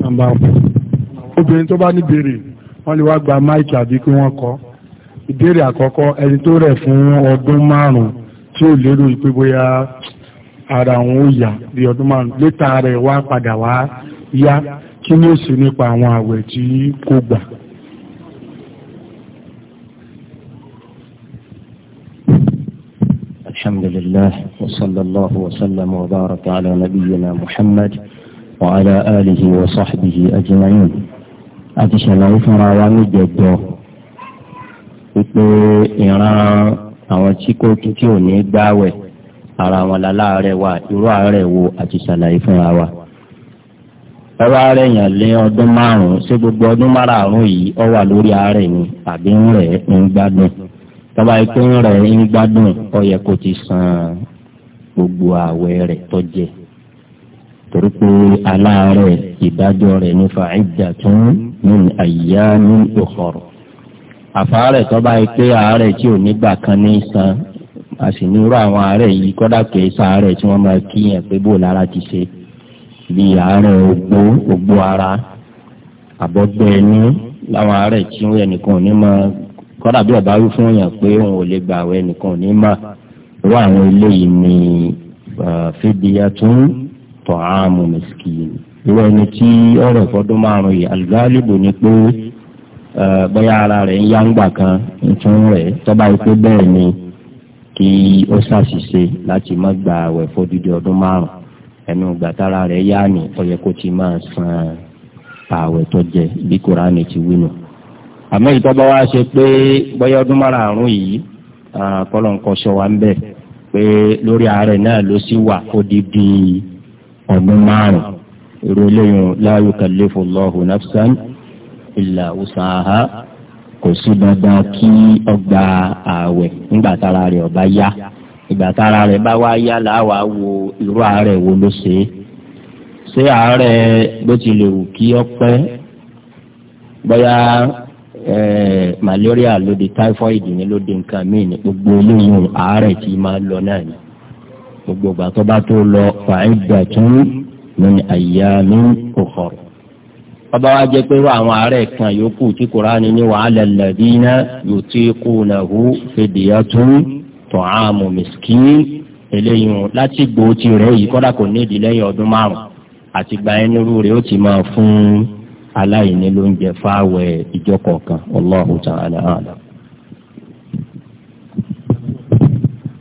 nàmbà obìnrin tó bá ní béèrè wọ́n lè wá gba máìkì àbí kí wọ́n kọ́ ìbéèrè àkọ́kọ́ ẹni tó rẹ̀ fún ọdún márùn-ún tí ó lérò pé bóyá ara òun ó yà bí ọdún márùn-ún létà rẹ̀ wá padà wá yá kí ni ó sì nípa àwọn àwẹ̀ tí kò gbà. الحمد لله وصلى الله وسلم وبارك على نبينا محمد وعلى آله وصحبه أجمعين أتشهد أن فرا ومجدو wípé ìran àwọn tí kò tí ò ara wọn láláàárẹ̀ wa irú àárẹ̀ wo wa. yàn lé ọdún márùn ṣé gbogbo ọdún márùn yìí ọ wà lórí ni ń ń gbádùn ń gbádùn san gbogbo torí pé aláàárẹ̀ ìdájọ́ rẹ̀ nífa ìjà tún ní àyà ní òkọ̀rọ̀. àfàárẹ̀ tó bá yẹ pé àárẹ̀ tí ò nígbà kan ní san a sì ní irú àwọn àárẹ̀ yìí kọ́dà pé sàárẹ̀ tí wọ́n máa kíyàn pé bó lára ti ṣe bí àárẹ̀ ògbó ògbó ara àbọ̀gbẹ́ ẹni láwọn àárẹ̀ tí wọ́n ẹnìkan ò ní mọ kọ́dà bí ọ̀bá wí fún yàn pé òun ò lè gbà àwọn ẹnìkan ò ní mọ irú àwọn eléyìí ni fídíà tún ta'amu miskin irú ẹni tí ọ̀rọ̀ fọdún márùn yìí alùbáàlìbò ni pé bóyá ara rẹ̀ ń yá ń gbà kan ń tún rẹ̀ tọ́ba yìí pé bẹ́ẹ̀ ni kí ó ṣàṣìṣe láti má gba àwẹ̀ fọdúdú ọdún márùn ẹnu gbàtàrà rẹ̀ yá ni ó yẹ kó ti máa san àwẹ̀ tó jẹ bí kúránì ti wí nù. àmọ́ ìtọ́ba wa ṣe pé bóyá ọdún márùn yìí kọ́lọ́ǹkọ́ṣọ́ wa ń bẹ̀ pé lórí ààrẹ náà ló sì wà odidi ọdún márùn irú eléyìí la yukallifu Allahu nafsan illa usaha kò sí dandan kí ọgbà ààwẹ̀ nígbà tára rẹ̀ ọba yá ìgbà tára rẹ̀ bá wá yá làwa wo irú àárẹ̀ wo ló ṣe é ṣé àárẹ̀ bó ti lè wù kí ọpẹ́ bóyá malaria ló typhoid ni ló nǹkan míì ní gbogbo eléyìí àárẹ̀ tí máa lọ náà ni gbogbo ìgbà tó bá tó lọ fàáìdà tún lónìí àyà ní òkòrò. bàbá wa jẹ́ pé wọ́n àwọn àárẹ̀ kan yòókù tí kuraani ní wàhálà ladina yutiqunahu fidyatun ta'amu miskin eléyìí láti gbò tí yìí kọ́dà kò ní ìdílé yẹn ọdún márùn àti gba ẹni rú rẹ̀ ó ti máa fún aláìní lóúnjẹ fáwẹ̀ ìjọ kọ̀ọ̀kan Allahu ta'ala a'lam.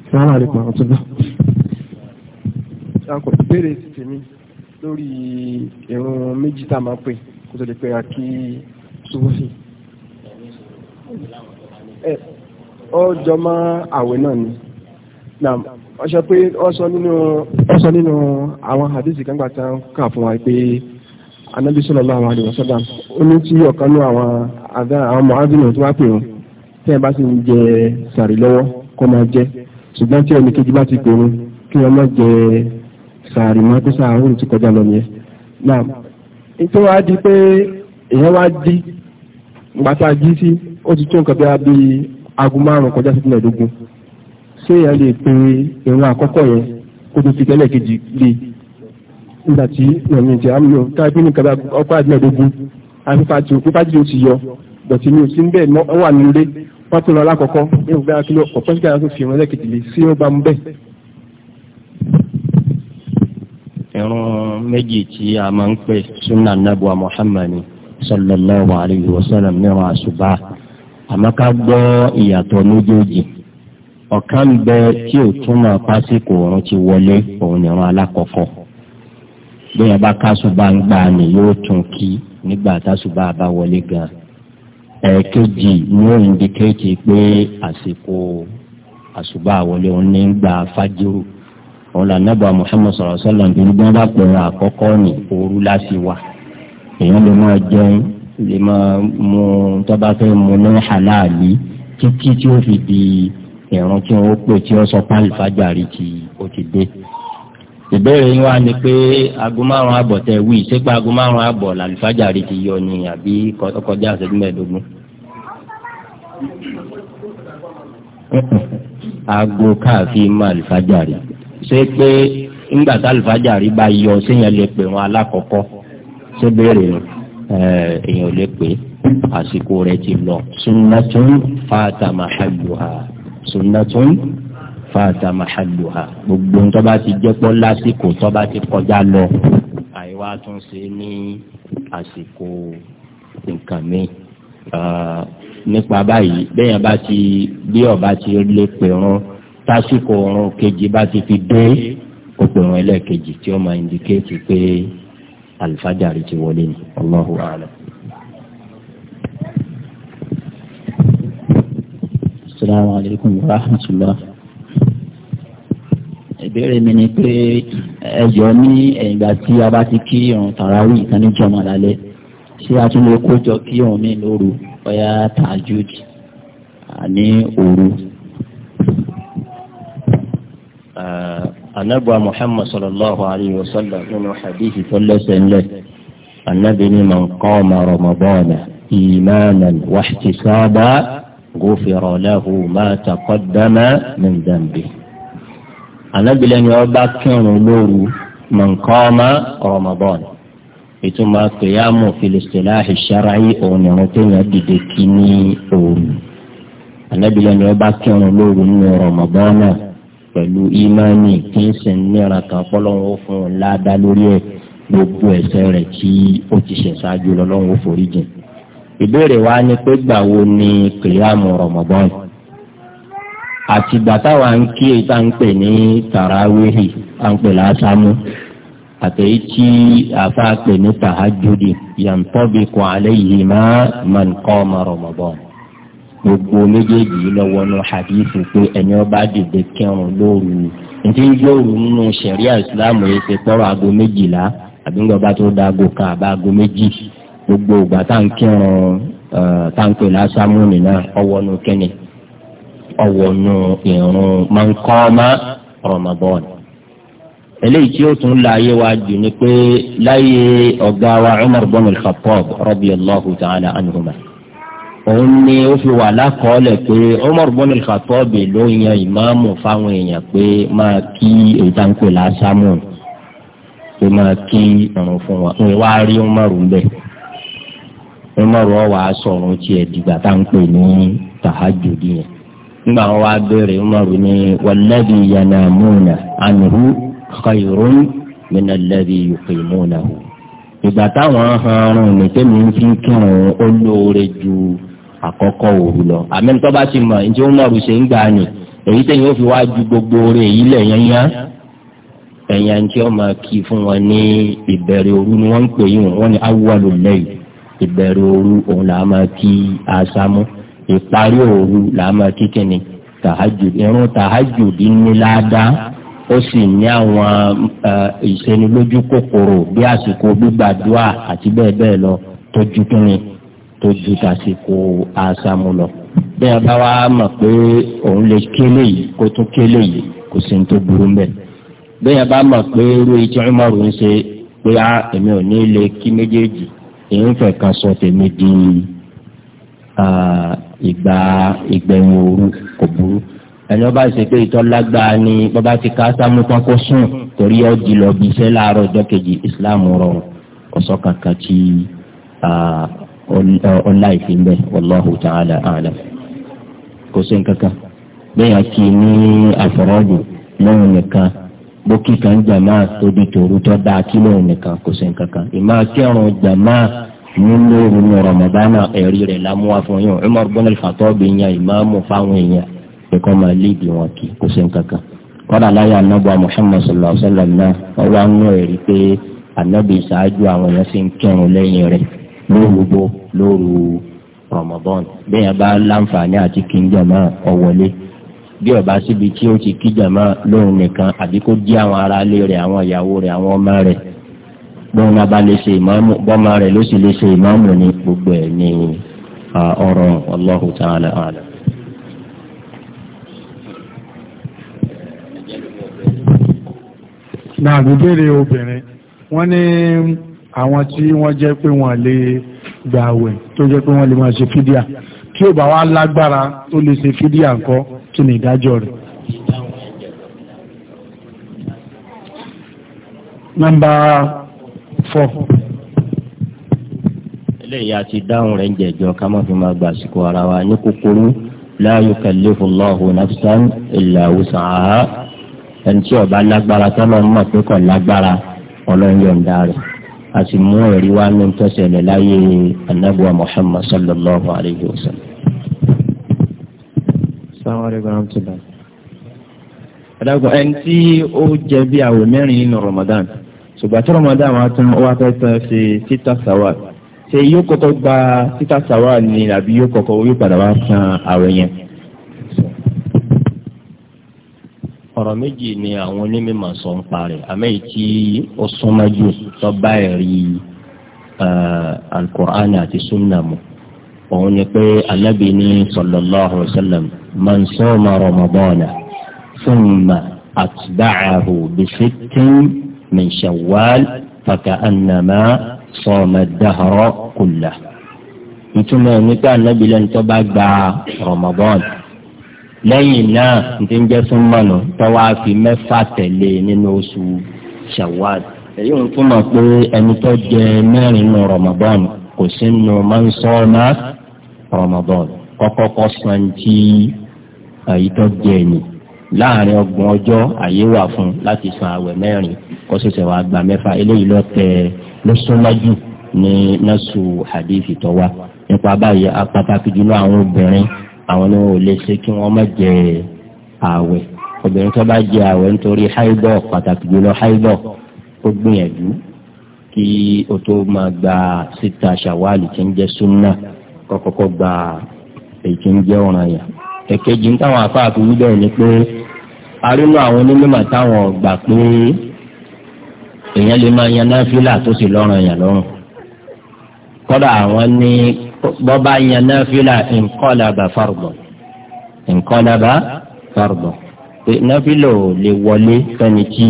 Assalamu alaikum warahmatullahi dákọ̀ ìbéèrè sí tèmi lórí ẹ̀rùn méjì tá máa pè kò tó lè pè á kí náà ni na pé ọsọ nínú àwọn hadisi kan gbà kà fún wa pé anabi sallallahu alaihi wasallam ó ní tí ọ̀kan ní àwọn tó wá pè wọn tí ẹ bá sì ń jẹ sàrí lọ́wọ́ kó máa sàárì máa tó sáà òun ti kọjá lọ nìyẹn náà nítorí wàá di pé èèyàn wá di gbàtà jí sí ó ti tó nǹkan bí abí aago márùn kọjá sí ìpínlẹ̀ẹ́dógún ṣé èèyàn lè pe ìran àkọ́kọ́ yẹn kó tó fi tẹ́lẹ̀ kejì lé nígbà tí ìrìn ìjẹ́ àmúlò káàkiri nǹkan bí ọgbà ìpínlẹ̀ẹ́dógún àfífàjì òkúfàjì ó ti yọ bọ̀tí mi ò sí ń wà nílé wọ́n tó lọ lákọ̀ọ́kọ́ ní ìgbà kí ló ọ̀pọ̀ sí irun méjì tí a máa ń pè sunna nabuwa muhammadu sallallahu alayhi wa sallam nírun àṣùbà àmọ́ ká gbọ́ ìyàtọ̀ méjèèjì ọ̀kan bẹ tí ò túmọ̀ pásíkò òun ti wọlé òun nìran alákọ̀ọ́kọ́ bóyá bá kásùbà ń gbà ní yóò tún kí nígbà tásùbà bá wọlé gan ẹ̀ẹ̀kejì ni ó indikéètì pé àsìkò àṣùbà wọlé òun ní gbà fájúrù òun là nẹ́bà Muhammad sọ̀rọ̀ sọ́lá nítorí bí wọ́n bá pè é àkọ́kọ́ ní òru láti wà èèyàn lè máa jẹun lè máa mu tọ́ba fẹ́ mu ní halali títí tí ó fi di ìrun tí wọ́n pè tí wọ́n sọ pálí fájàrí tí ó ti dé. ìbéèrè yín wá ni pé aago márùn àbọ̀ tẹ wí sípa aago márùn àbọ̀ làlùfájàrí ti yọ ni àbí kọjá àṣẹjú mẹ́ẹ̀ẹ́dógún aago káàfin máa lè ṣé pé ńgbà tá àlùfáàjà rí bá yọ séèyàn lè pè wọn alákọ̀ọ́kọ́ ṣé béèrè èèyàn lè pè àsìkò rẹ̀ ti lọ sunnatun fata mahalluha sunnatun fata mahalluha gbogbo ń tọ́ba ti jẹ́ pọ́ lásìkò tọ́ba ti kọjá lọ àìwá tún ṣe ní àsìkò nǹkan mi nípa báyìí bẹ́ẹ̀ bá ti bí ọba ti lè pè wọn tásìkò oorun kejì bá ti fi dé kókò oorun ẹlẹ́ẹ̀kejì tí ó máa indikéètì pé àlùfájàrí ti wọlé ni Allahu a'lam. Assalamu alaikum wa rahmatullah. ìbéèrè mi ni pé ẹjọ́ ní ẹ̀yìngbà tí a bá ti kí irun tàràwí ìtaníjọ́mọ̀ lálẹ́ ṣé a tún lè kó jọ kí irun mi lóru ọ̀yá tàjúd ní òru. anabuwa muhammad sallallahu alayhi wa sallam nínú hadithi tó lẹ́sẹ̀ ńlẹ̀ anabi ni man qama ramadana imanan wahtisaba gufira lahu ma taqaddama min dhanbi anabi lẹ́ni ọba kírun lóru man qama ramadana ìtumọ̀ kìyàmù filistilá ìṣàráyé òun ni wọn tẹ̀yàn dìde kí ní òru anabi lẹ́ni ọba kírun lóru nínú ramadana. pẹ̀lú ìmánì tí ń sìn níra kan fọlọ́run ó fún un ládá lórí ẹ̀ gbogbo ẹ̀ṣẹ̀ rẹ̀ tí ó ti ṣẹ̀ ṣáájú lọ́lọ́run ó forí jìn. ìbéèrè wa ni pé gbà wo ni kìláàmù rọmọbọ́n àtìgbà táwa ń kí èyí tá à ń pè ní tàràwéhì à ń pè lásámú àtẹ̀yí tí àfa pè ní tàhájúdì yàtọ̀ bí kò àlẹ́ má mà ń gbogbo méjèèjì yìí lọ́wọ́ ní hadithi pé ẹni ọba dìde kẹrùn lóru ntí lóru nínú sẹ̀ríà ìsìlámù yìí ṣe tọrọ aago méjìlá àbí ńgbà bá tó da aago kan àbá aago méjì gbogbo ìgbà tá à ń kẹrùn tá à ń pè lásàmù nìyà ọwọ́ nu kẹ́ni ọwọ́ nu ìrùn máa ń eléyìí tí ó tún láàyè wá jù ni pé láyé ọ̀gá wa Umar ibn al-Khattab òun ni ó fi wà lákọọ́lẹ̀ pé Umar ibn al-Khattab ló yan ìmáàmù fáwọn èèyàn pé máa kí ìtànkù làásàmù pé máa kí ọ̀run fún wa òun wá rí Umar bẹ́ẹ̀ Umar wà á sọ̀rọ̀ tiẹ̀ dìgbà tá à ń pè ní tàhájùdì yẹn nígbà wọn wá béèrè Umar ní walladhi yanamuna anhu khayrun min alladhi yuqimunahu ìgbà táwọn ahọ́n ọ̀run nìkẹ́mi ń fi kírun ó ju àkọ́kọ́ òru lọ àmẹ́ni tó bá ti mọ̀ ní tí ó mọ̀rù ṣe ń gbà ní èyí tẹ̀yìn ó fi wá ju gbogbo oore èyí lẹ̀ yányá ẹ̀yà ń tí kí fún wọn ní òru ni wọ́n ń pè yín wọ́n ni awọ́lù lẹ́yìn ìbẹ̀rẹ̀ òru òun là á máa kí asámú ìparí òru là á máa kí tàhájù irun tàhájù ó sì ní àwọn kòkòrò bí àsìkò gbígbàdúrà àti bẹ́ẹ̀ lọ tó ju tàsìkò àṣàmù lọ bí a bá wá mọ̀ pé òun lè kélé yìí kó tún kélé yìí kò sí tó burú mbẹ̀ bí a bá mọ̀ pé irú ìtí Umaru ń ṣe pé a èmi ò ní lè kí méjèèjì èyí ń fẹ́ kan sọ tèmi di ìgbà ìgbẹ̀yìn òru kò burú ẹni ọba ṣe pé ìtọ́lágbára ni bàbá ti ká sámú tán kó sùn torí ó di lọ bí iṣẹ́ láàárọ̀ ọjọ́ kejì Islam rọrùn ọ̀sọ́ kankan tí ọláìsí ń bẹ wallahu ta'ala a'lam kò sí nǹkan kan bẹ́ẹ̀ kì í ní àfọ̀rọ́jù lóhùn nìkan bókì kan jàmáà tóbi tòru tó dáa kí lóhùn nìkan kò sí nǹkan kan ìmáa kẹrùn jàmáà nínú ìrùnú rọmọdánà ẹ̀rí rẹ̀ lámúwá fún yín Umar bin al-Khattab yan ìmáàmù fáwọn èèyàn kíkọ́ máa léèdì wọn kí kò sí nǹkan kọ́dà láyé anábọ̀ Muhammad sallallahu alaihi wasallam náà wọ́n wá ń nú ẹ̀rí pé anábì ṣáájú àwọn èèyàn sì ń kẹrùn lẹ́yìn rẹ̀ lóru bó lóru Ramadan bẹ́ẹ̀ bá láǹfààní àti kí n bí ọba síbi tí ó ti kí lóhun nìkan àbí kó jí àwọn aráalé rẹ àwọn ìyàwó rẹ àwọn ọmọ rẹ̀ bọ́n náà bá lè ṣe bọ́mọ ló sì lè ṣe ní gbogbo ẹ̀ ní àwọn tí wọ́n jẹ́ pé wọ́n lè gbà àwẹ̀ tó jẹ́ pé wọ́n lè máa ṣe fídíà kí ò bá wá lágbára tó lè ṣe fídíà ńkọ́ kí ni ìdájọ́ rẹ̀. nọ́mbà four. eléyìí àti dáhùn rẹ̀ ń jẹ̀jọ́ ká má fi máa gba àsìkò ara wa ní kúkúrú la yukallifu Allahu nafsan illa wus'aha ẹni tí ó bá lágbára tọ́lọ́ ń mọ̀ pé kò lágbára ọlọ́run yọ̀ǹda rẹ̀ a sì mú ẹ̀rí wá ní tọ́sẹ̀lẹ̀ láyé anábùwà Muhammad sallallahu alayhi wa sallam. sáwọn ọ̀rẹ́gbẹ́ àwọn tó dáa. ẹ̀dàgbọ́n ẹni tí ó jẹ bí àwẹ̀ mẹ́rin nínú Ramadan ṣùgbọ́n tí Ramadan wa tán ó wá fẹ́ tán ṣe títà sáwà ṣe yóò kọ́kọ́ gba títà sáwà ni àbí yóò kọ́kọ́ yóò padà wá san àwẹ̀ yẹn. ọ̀rọ̀ méjì ni àwọn onímọ̀ sọ ń parẹ́ àmẹ́yìí tí ó súnmọ́ jù tó bá ẹ̀rí alukur'an àti sunna mu òun ni pé alábì ní sallallahu alayhi wa sallam man soma ramadana thumma atba'ahu bi sittin min shawwal faka'annama soma ad-dahra kullah. tó bá gba ramadan lẹ́yìn náà n ti ń jẹ́ súnmọ́nù tọ́wọ́ á fi mẹ́fà tẹ̀lé nínú oṣù Shawwal èyí ń túmọ̀ pé ẹni tó jẹ mẹ́rin nù Ramadan kò sí nù máa ń sọ Ramadan kọ́kọ́ kọ́ san tí èyí tó jẹ ni láàrin ọgbọ̀n ọjọ́ àyè wà fún láti san àwẹ̀ mẹ́rin kó ṣẹ̀ṣẹ̀ wàá gba mẹ́fà eléyìí ló tẹ ló súnmọ́jú ní násù hadith tó nípa báyìí apátákì jùlọ àwọn obìnrin àwọn ni wọn ò lè ṣe kí wọ́n má jẹ ààwẹ̀ obìnrin tó bá jẹ ààwẹ̀ nítorí haidọ̀ pàtàkì jùlọ haidọ̀ ó gbìyànjú kí o tó máa gba síta ṣàwálì tí ń jẹ súnà kọ́kọ́kọ́ gba èyí tí ń jẹ ọ̀ràn yà èkejì táwọn afáàfin wíbẹ̀ ni pé arínú àwọn onímọ̀ táwọn gbà pé èèyàn lè máa yan náfìlà tó sì lọ́ràn yà lọ́rùn kọ́dà àwọn ní bọ́ba yan náfìlà ìǹkọ́làbà fárùbọ̀ ìǹkọ́làbà fárùbọ̀ náfìlà ò lè wọlé fẹ́ni tí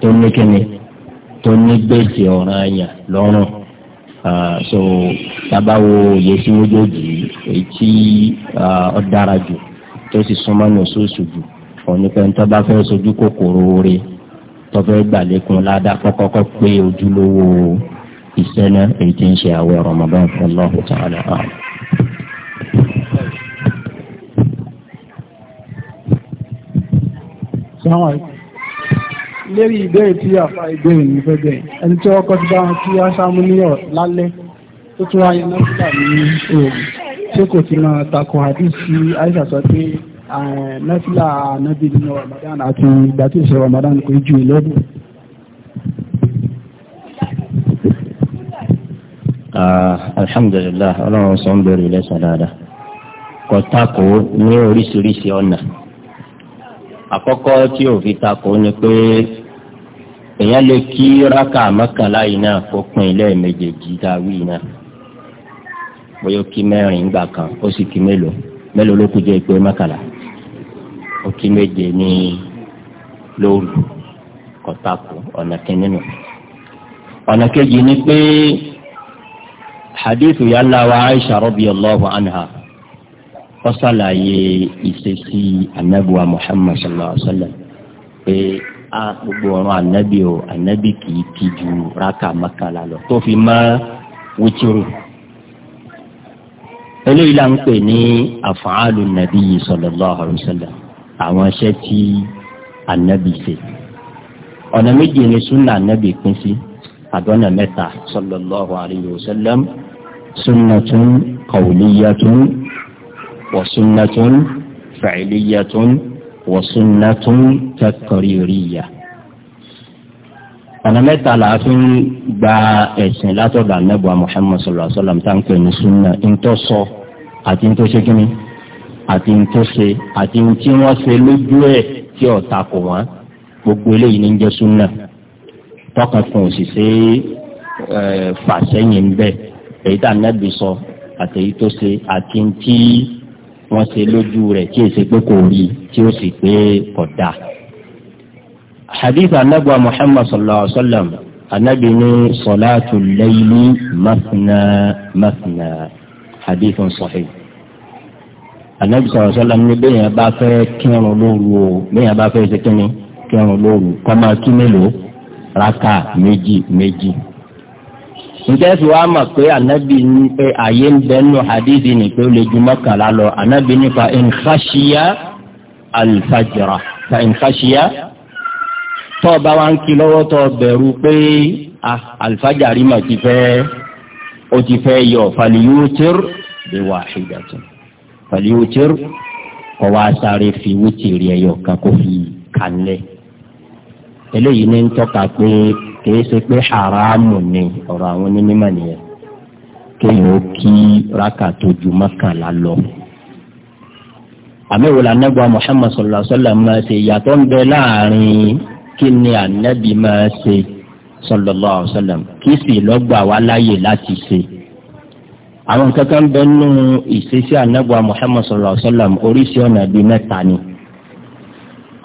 tó ní kíni tó ní gbèsè ọ̀ràn àyàn lọ́rùn so tabawo òye sí méjèèjì èyí tí ọ dára jù tó sì súnmọ́ ní oṣooṣù jù onífẹ́ ń tọ́ba fẹ́ sojú kòkòrò rẹ̀ tọ́fẹ́ gbàlékun ládàá kọ́kọ́kọ́ pé ojúlówó o ìṣẹ̀lẹ̀ èyí tí ń ṣe àwẹ̀ Ramadan fọlọ́hùn tààlà ààrẹ. lérí ìbéèrè tí àfa ìbéèrè ní fẹ́ bẹ̀rẹ̀ ẹni tí wọ́n kọ́ ti bá wọn tí wọ́n ṣáàmú ní ọ̀ lálẹ́ tó tún wáyé nọ́mbà ní òòrùn tí kò ti máa takò àdìsí àìsà sọ pé eh, nọ́fìlà ànábì nínú Ramadan àti ìgbà tí ìṣe Ramadan kò ju ìlọ́dún Ah, alhamdulilah ọlọ́run sọ ń bẹ̀rẹ̀ lẹ́sàn dáadáa kò tako ní oríṣiríṣi ọ̀nà àkọ́kọ́ tí ò fi tako ni pé èèyàn lè kí rákà mọ́kànlá yìí náà kó pin lẹ́ẹ̀mejèèjì tá a wí náà bóyá ó kí mẹ́rin gbà kan ó sì kí mélòó mélòó ló kù jẹ́ pé mọ́kànlá ó kí méje ní lóru kò tako ọ̀nà kìíní nù ọ̀nà kejì ni pé hadithu yàlla wa aisha radiyallahu anha ó ṣàlàyé ìṣesí anabiwa muhammad sallallahu alaihi wa sallam pé a gbogbo ọ̀run anabi o anabi kìí ti ju raka makala lọ tó fi má wítírù eléyìí la ń pè ní afaalu nabi sallallahu alaihi wa sallam àwọn iṣẹ́ tí anabi ṣe ọ̀nà méje ni sunna anabi pín sí àdọ́nà mẹ́ta sallallahu alaihi wa sallam sunnatun qawliyatun wa sunnatun fa'iliyatun wa sunnatun takaririya. ọ̀nà mẹ́ta la fi ń gba ẹ̀sìn látọ̀dọ̀ anábọ̀ muhammad sallallahu alayhi wa sallam tá n pè ní sunna ntọ́ sọ àti ntọ́ ṣe kínní àti ntọ́ ṣe àti ntí wọ́n ṣe lójú ẹ̀ tí ọ̀ta kò wọ́n gbogbo eléyìí ní jẹ́ sunna tọkàn kan òṣìṣẹ́ fàṣẹyìn bẹ́ẹ̀ èyí tá ànábì sọ àtẹ̀yí tó ṣe àti tí wọ́n ṣe lójú rẹ̀ tí èsì pé kò rí tí ó sì pé kò dáa. hadith anabu muhammad sallallahu alaihi wa sallam anabi ni salatu layli mafna mafna hadith sahih anabi sallallahu alaihi wa sallam ni bẹ́ẹ̀ yẹn bá fẹ́ kírun lóru o bẹ́ẹ̀ yẹn bá fẹ́ ṣe kínní kírun lóru kọ́ kí mélòó raka méjì méjì njẹ́ fi wá mọ̀ pé anabi ní pé àyè ń bẹ nù hadithi ní pé ó lè ju mọ́kànlá lọ anabi ní fa nǹkaṣíyá alifajara fa nǹkaṣíyá tọ́ ọba wa ń kí lọ́wọ́ tọ́ bẹ̀rù pé ah, alifajari mà ti fẹ́ ó ti fẹ́ yọ fàlíyútir bí wahidatin fàlíyútir kọ́ wa sáré fi wútìrì ẹ̀yọ̀ kan kó fi eléyìí ní ń tọ́ka pé kìí ṣe pé haramu ni ọ̀rọ̀ àwọn onímọ̀ nìyẹn kéèyàn ó kí rákà tó ju mọ́kànlá lọ. àmì ìwòlá anábọ̀ Muhammad sallallahu alaihi wasallam máa ṣe ìyàtọ̀ ń bẹ láàrin kí ni ànábì máa ṣe sallallahu alaihi wasallam kí sì lọ́gbà wá láyè láti ṣe. àwọn kankan bẹ nínú ìṣesí anábọ̀ Muhammad sallallahu alaihi wasallam oríṣi ọ̀nà bíi mẹ́ta ni.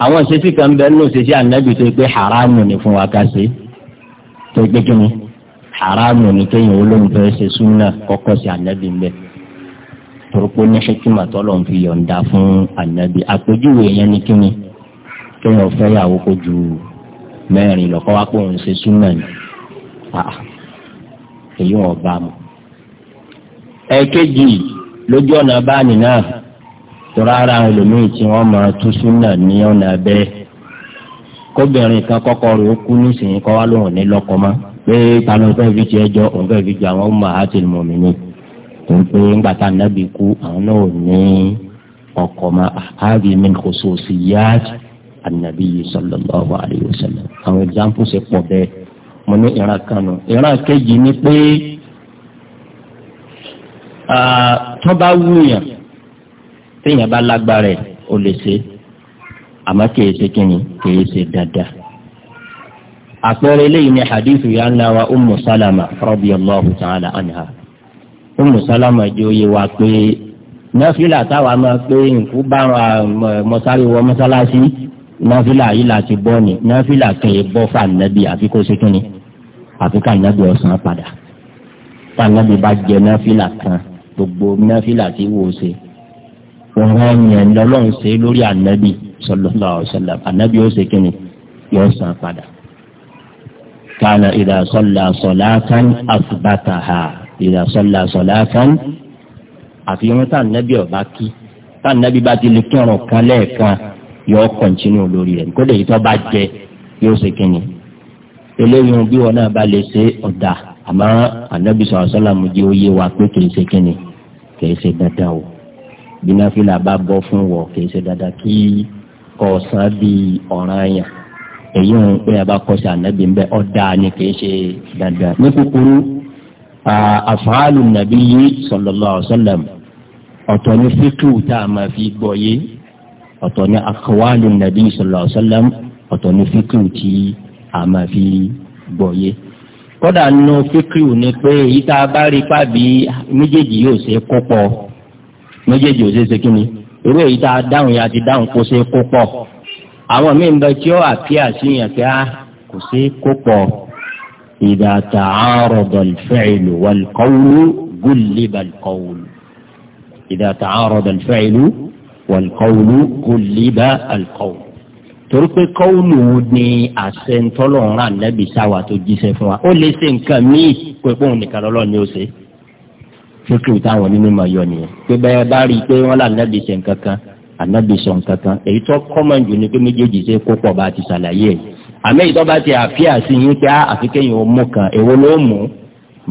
àwọn ìṣesí kan bẹ ìṣesí anábì tó pé haramu ni fún wa ká ṣe tó gbé kíni haramu ni kéèyàn olóhùn fẹ́ ṣe súnà kọ́kọ́ sí ànábì ń bẹ̀ torókó ní ṣẹ́kìmà tọ́lọ̀ ń fi yọ̀ǹda fún ànábì àpèjúwe yẹn ni kíni kéèyàn fẹ́ yàwó kó ju mẹ́rin lọ́kọ́ wá pé òun ṣe súnà ni ah, èyí wọn bá mu. ẹ̀ẹ́kejì lójú ọ̀nà báàní náà tó rárá ẹlòmíì tí wọ́n máa tú súnà ní ọ̀nà bẹ́ẹ̀ kóbìnrin kan kọ́kọ́ rẹ̀ ó kú nísìnyí kọ́ wá lóhùn ní lọ́kọ mọ́ pé ta ló fẹ́ fi jẹ ẹjọ́ òun fẹ́ fi jẹ àwọn ọmọ àti mọ̀mìnì tó ń pè ńgbà tá nàbì kú àwọn náà ò ní ọkọ mọ́ àhábì min khususiyat ànàbí yìí sallallahu alayhi wa sallam àwọn examples ṣe pọ̀ bẹ́ẹ̀ mo ní ìran kan nù ìran kejì ni pé tó bá wúyàn téèyàn bá lágbára ẹ̀ ó lè ṣe é àmọ́ kìí ṣe kínní kìí ṣe dáadáa. àpẹẹrẹ eléyìí ni hadithu ya ńlá wa umu salama radiyallahu ta'ala anha umu salama jẹ́ oyè wa pé nọ́fìlà táwa máa pé nkú bá mọ́sálì wọ mọ́sálásí nọ́fìlà yìí láti bọ́ ni nọ́fìlà kìí bọ́ fànàbí àfi kó ṣe kínní àfi ká nàbí ọ̀sán padà fànàbí bá jẹ nọ́fìlà kan gbogbo nọ́fìlà tí wò ó ṣe òun ẹ̀yàn lọ́lọ́run ṣe lórí ànàbí sallallahu alaihi wasallam anabi ó ṣe kíni yóò san padà. kana idha salla salatan athbataha idha salla salatan àfihàn tá anabi ọba kí tá anabi bá ti lè kírun kan lẹ́ẹ̀kan yóò kọ̀ntínú lórí rẹ̀ kódà yìí tó bá jẹ yóò ṣe kíni. eléyìí bí wọn náà bá lè ṣe ọ̀dà àmọ́ anabi sallallahu alaihi wasallam oyé wa pé kì í ṣe kíni kì í ṣe dandan o bí náfìlà bá bọ́ fún wọ kì í ṣe dandan kí kọ̀ọ̀sán bíi ọ̀ràn àyàn èyí ń pè abakọ̀sí ànábì ń bẹ ọ̀dà ni kì í ṣe dandan ní kúkúrú àfàálù nàbí yí sallallahu alaihi wasallam ọ̀tọ̀ ní fíkú tá a máa fi gbọ́ yé ọ̀tọ̀ ní àkọwálù nàbí sallallahu alaihi wasallam ọ̀tọ̀ ní fíkú tí a máa fi gbọ́ yé kódà nínú fíkú ni pé èyí tá a bá rí pàbí méjèèjì yóò ṣe kópọ̀ méjèèjì yóò ṣe ṣe kí ni irú èyí tá a dáhùn yẹn àti dáhùn kó ṣe kó pọ̀ àwọn míì ń bẹ tí ó àpíà sí yẹn pé á ah, kò ṣe kó pọ̀ ìdá ta'arada al-fi'lu wal-qawlu gulliba al-qawlu ìdá ta'arada al-fi'lu wal-qawlu gulliba torí pé kọ́wùlù ni àṣẹ ńtọ́lọ́run ànábì sáwà tó jíṣẹ́ fún wa ó lè ṣe nǹkan míì pé pé òun nìkan lọ́lọ́ ni ó ṣe é fíkì táwọn onímọ̀ yọ nìyẹn pé bẹ́ẹ̀ bá rí i pé wọ́n là nábì ṣe nǹkan kan ànábì sọ èyí tó kọ́mọ̀ jù ni pé méjèèjì ṣe kó pọ̀ bá ti ṣàlàyé ẹ̀ àmì ìtọ́ bá ti àfíà sí yín pé ah, àfi kéèyàn ó mú kan èwo ló mú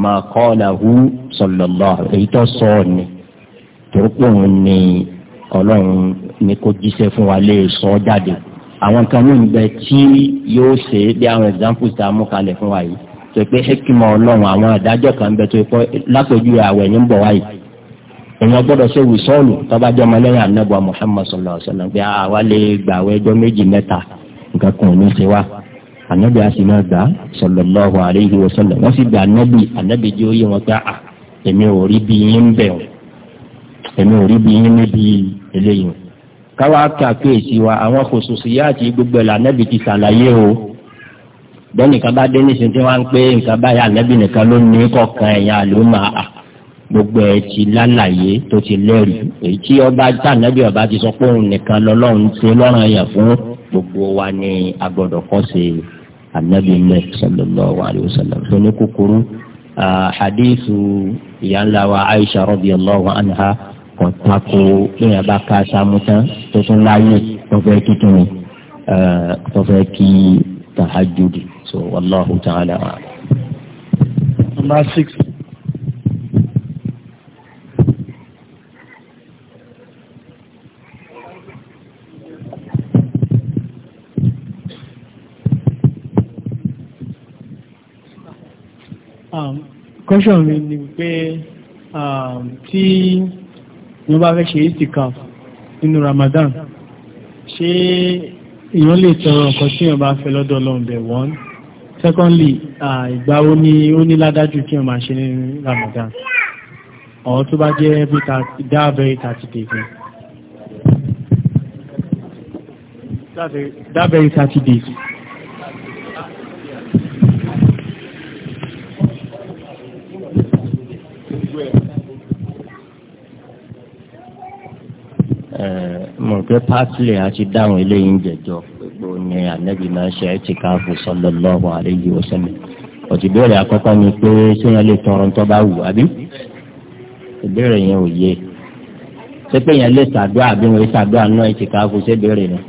máa kọ́ làwù sallallahu èyí tó sọ ọ ni torókùn ni ọlọ́run ni kò jíṣẹ́ fún wa lè sọ jáde àwọn kan ní ìgbẹ́ tí yóò ṣe bí àwọn examples tó pé hekima ọlọ́run àwọn àdájọ́ kan bẹ tó pé lápẹ̀jú àwẹ̀ ní bọ̀ wáyé èèyàn gbọ́dọ̀ ṣe wìsọ́ọ̀lù tọ́ba jẹ́ ọmọ lẹ́yìn anábọ̀ Muhammad sallallahu alaihi wasallam pé ah, àwa lè gbà àwẹ̀ ọjọ́ méjì mẹ́ta nǹkan kan ò ní ṣe wá anábì a sì máa gbà sallallahu alaihi wasallam wọ́n sì gbà anabi anábì jẹ́ oyè wọn pé à ah, èmi ò rí bí yín bẹ̀ ọ́ èmi ò rí bí yín níbi eléyìí káwá kàkíyèsí wa àwọn kòsòsì yá àti gbogbo ẹ̀ bẹ́ẹ̀ nìkan bá dé níṣẹ́ tí wọ́n ń pé nǹkan báyà nẹ́bí nìkan ló ní kọ̀ọ̀kan ẹ̀yà ló máa à gbogbo ẹ̀ ti lálàyé tó ti lẹ́rìí èyí tí ọba tá nẹ́bí ọba ti sọ pé òun nìkan lọ́lọ́run ti lọ́ràn yẹn fún gbogbo wa ní agbọ́dọ̀ kọ́ sí anabi mẹ́ sallallahu alayhi wa sallam tó ní kúkúrú hadithu ìyá wa Aisha radiyallahu anha kò tako ìyẹn bá ká sámútán tó tún láyé tó fẹ́ kí tó fẹ́ kí tahajjudi so wallahu ta'ala a'lam. number six. kọ́ṣọ̀ um, mi ni pé um, tí wọ́n bá fẹ́ ṣe istikaf nínú Ramadan ṣé èèyàn lè tọrọ nǹkan tí èèyàn bá fẹ́ lọ́dọ̀ Ọlọ́run secondly ìgbà wo ni ó ní ládájú kí wọ́n máa ṣe ní Ramadan ọ̀ tó bá jẹ́ every thirty day every thirty day kan that very thirty days. mo rò pé pátìlẹ̀ àti dáhùn eléyìí ń jẹjọ́ ni anabi máa ṣe é ti káfù sallallahu alayhi wa sallam òtìbéèrè àkọ́kọ́ ni pé ṣé yẹn lè tọrọ tó bá wù àbí ìbéèrè yẹn ò yé ṣé pé yẹn lè ṣàdúrà àbí wọn ṣàdúrà náà ẹ ti káfù ṣé béèrè ni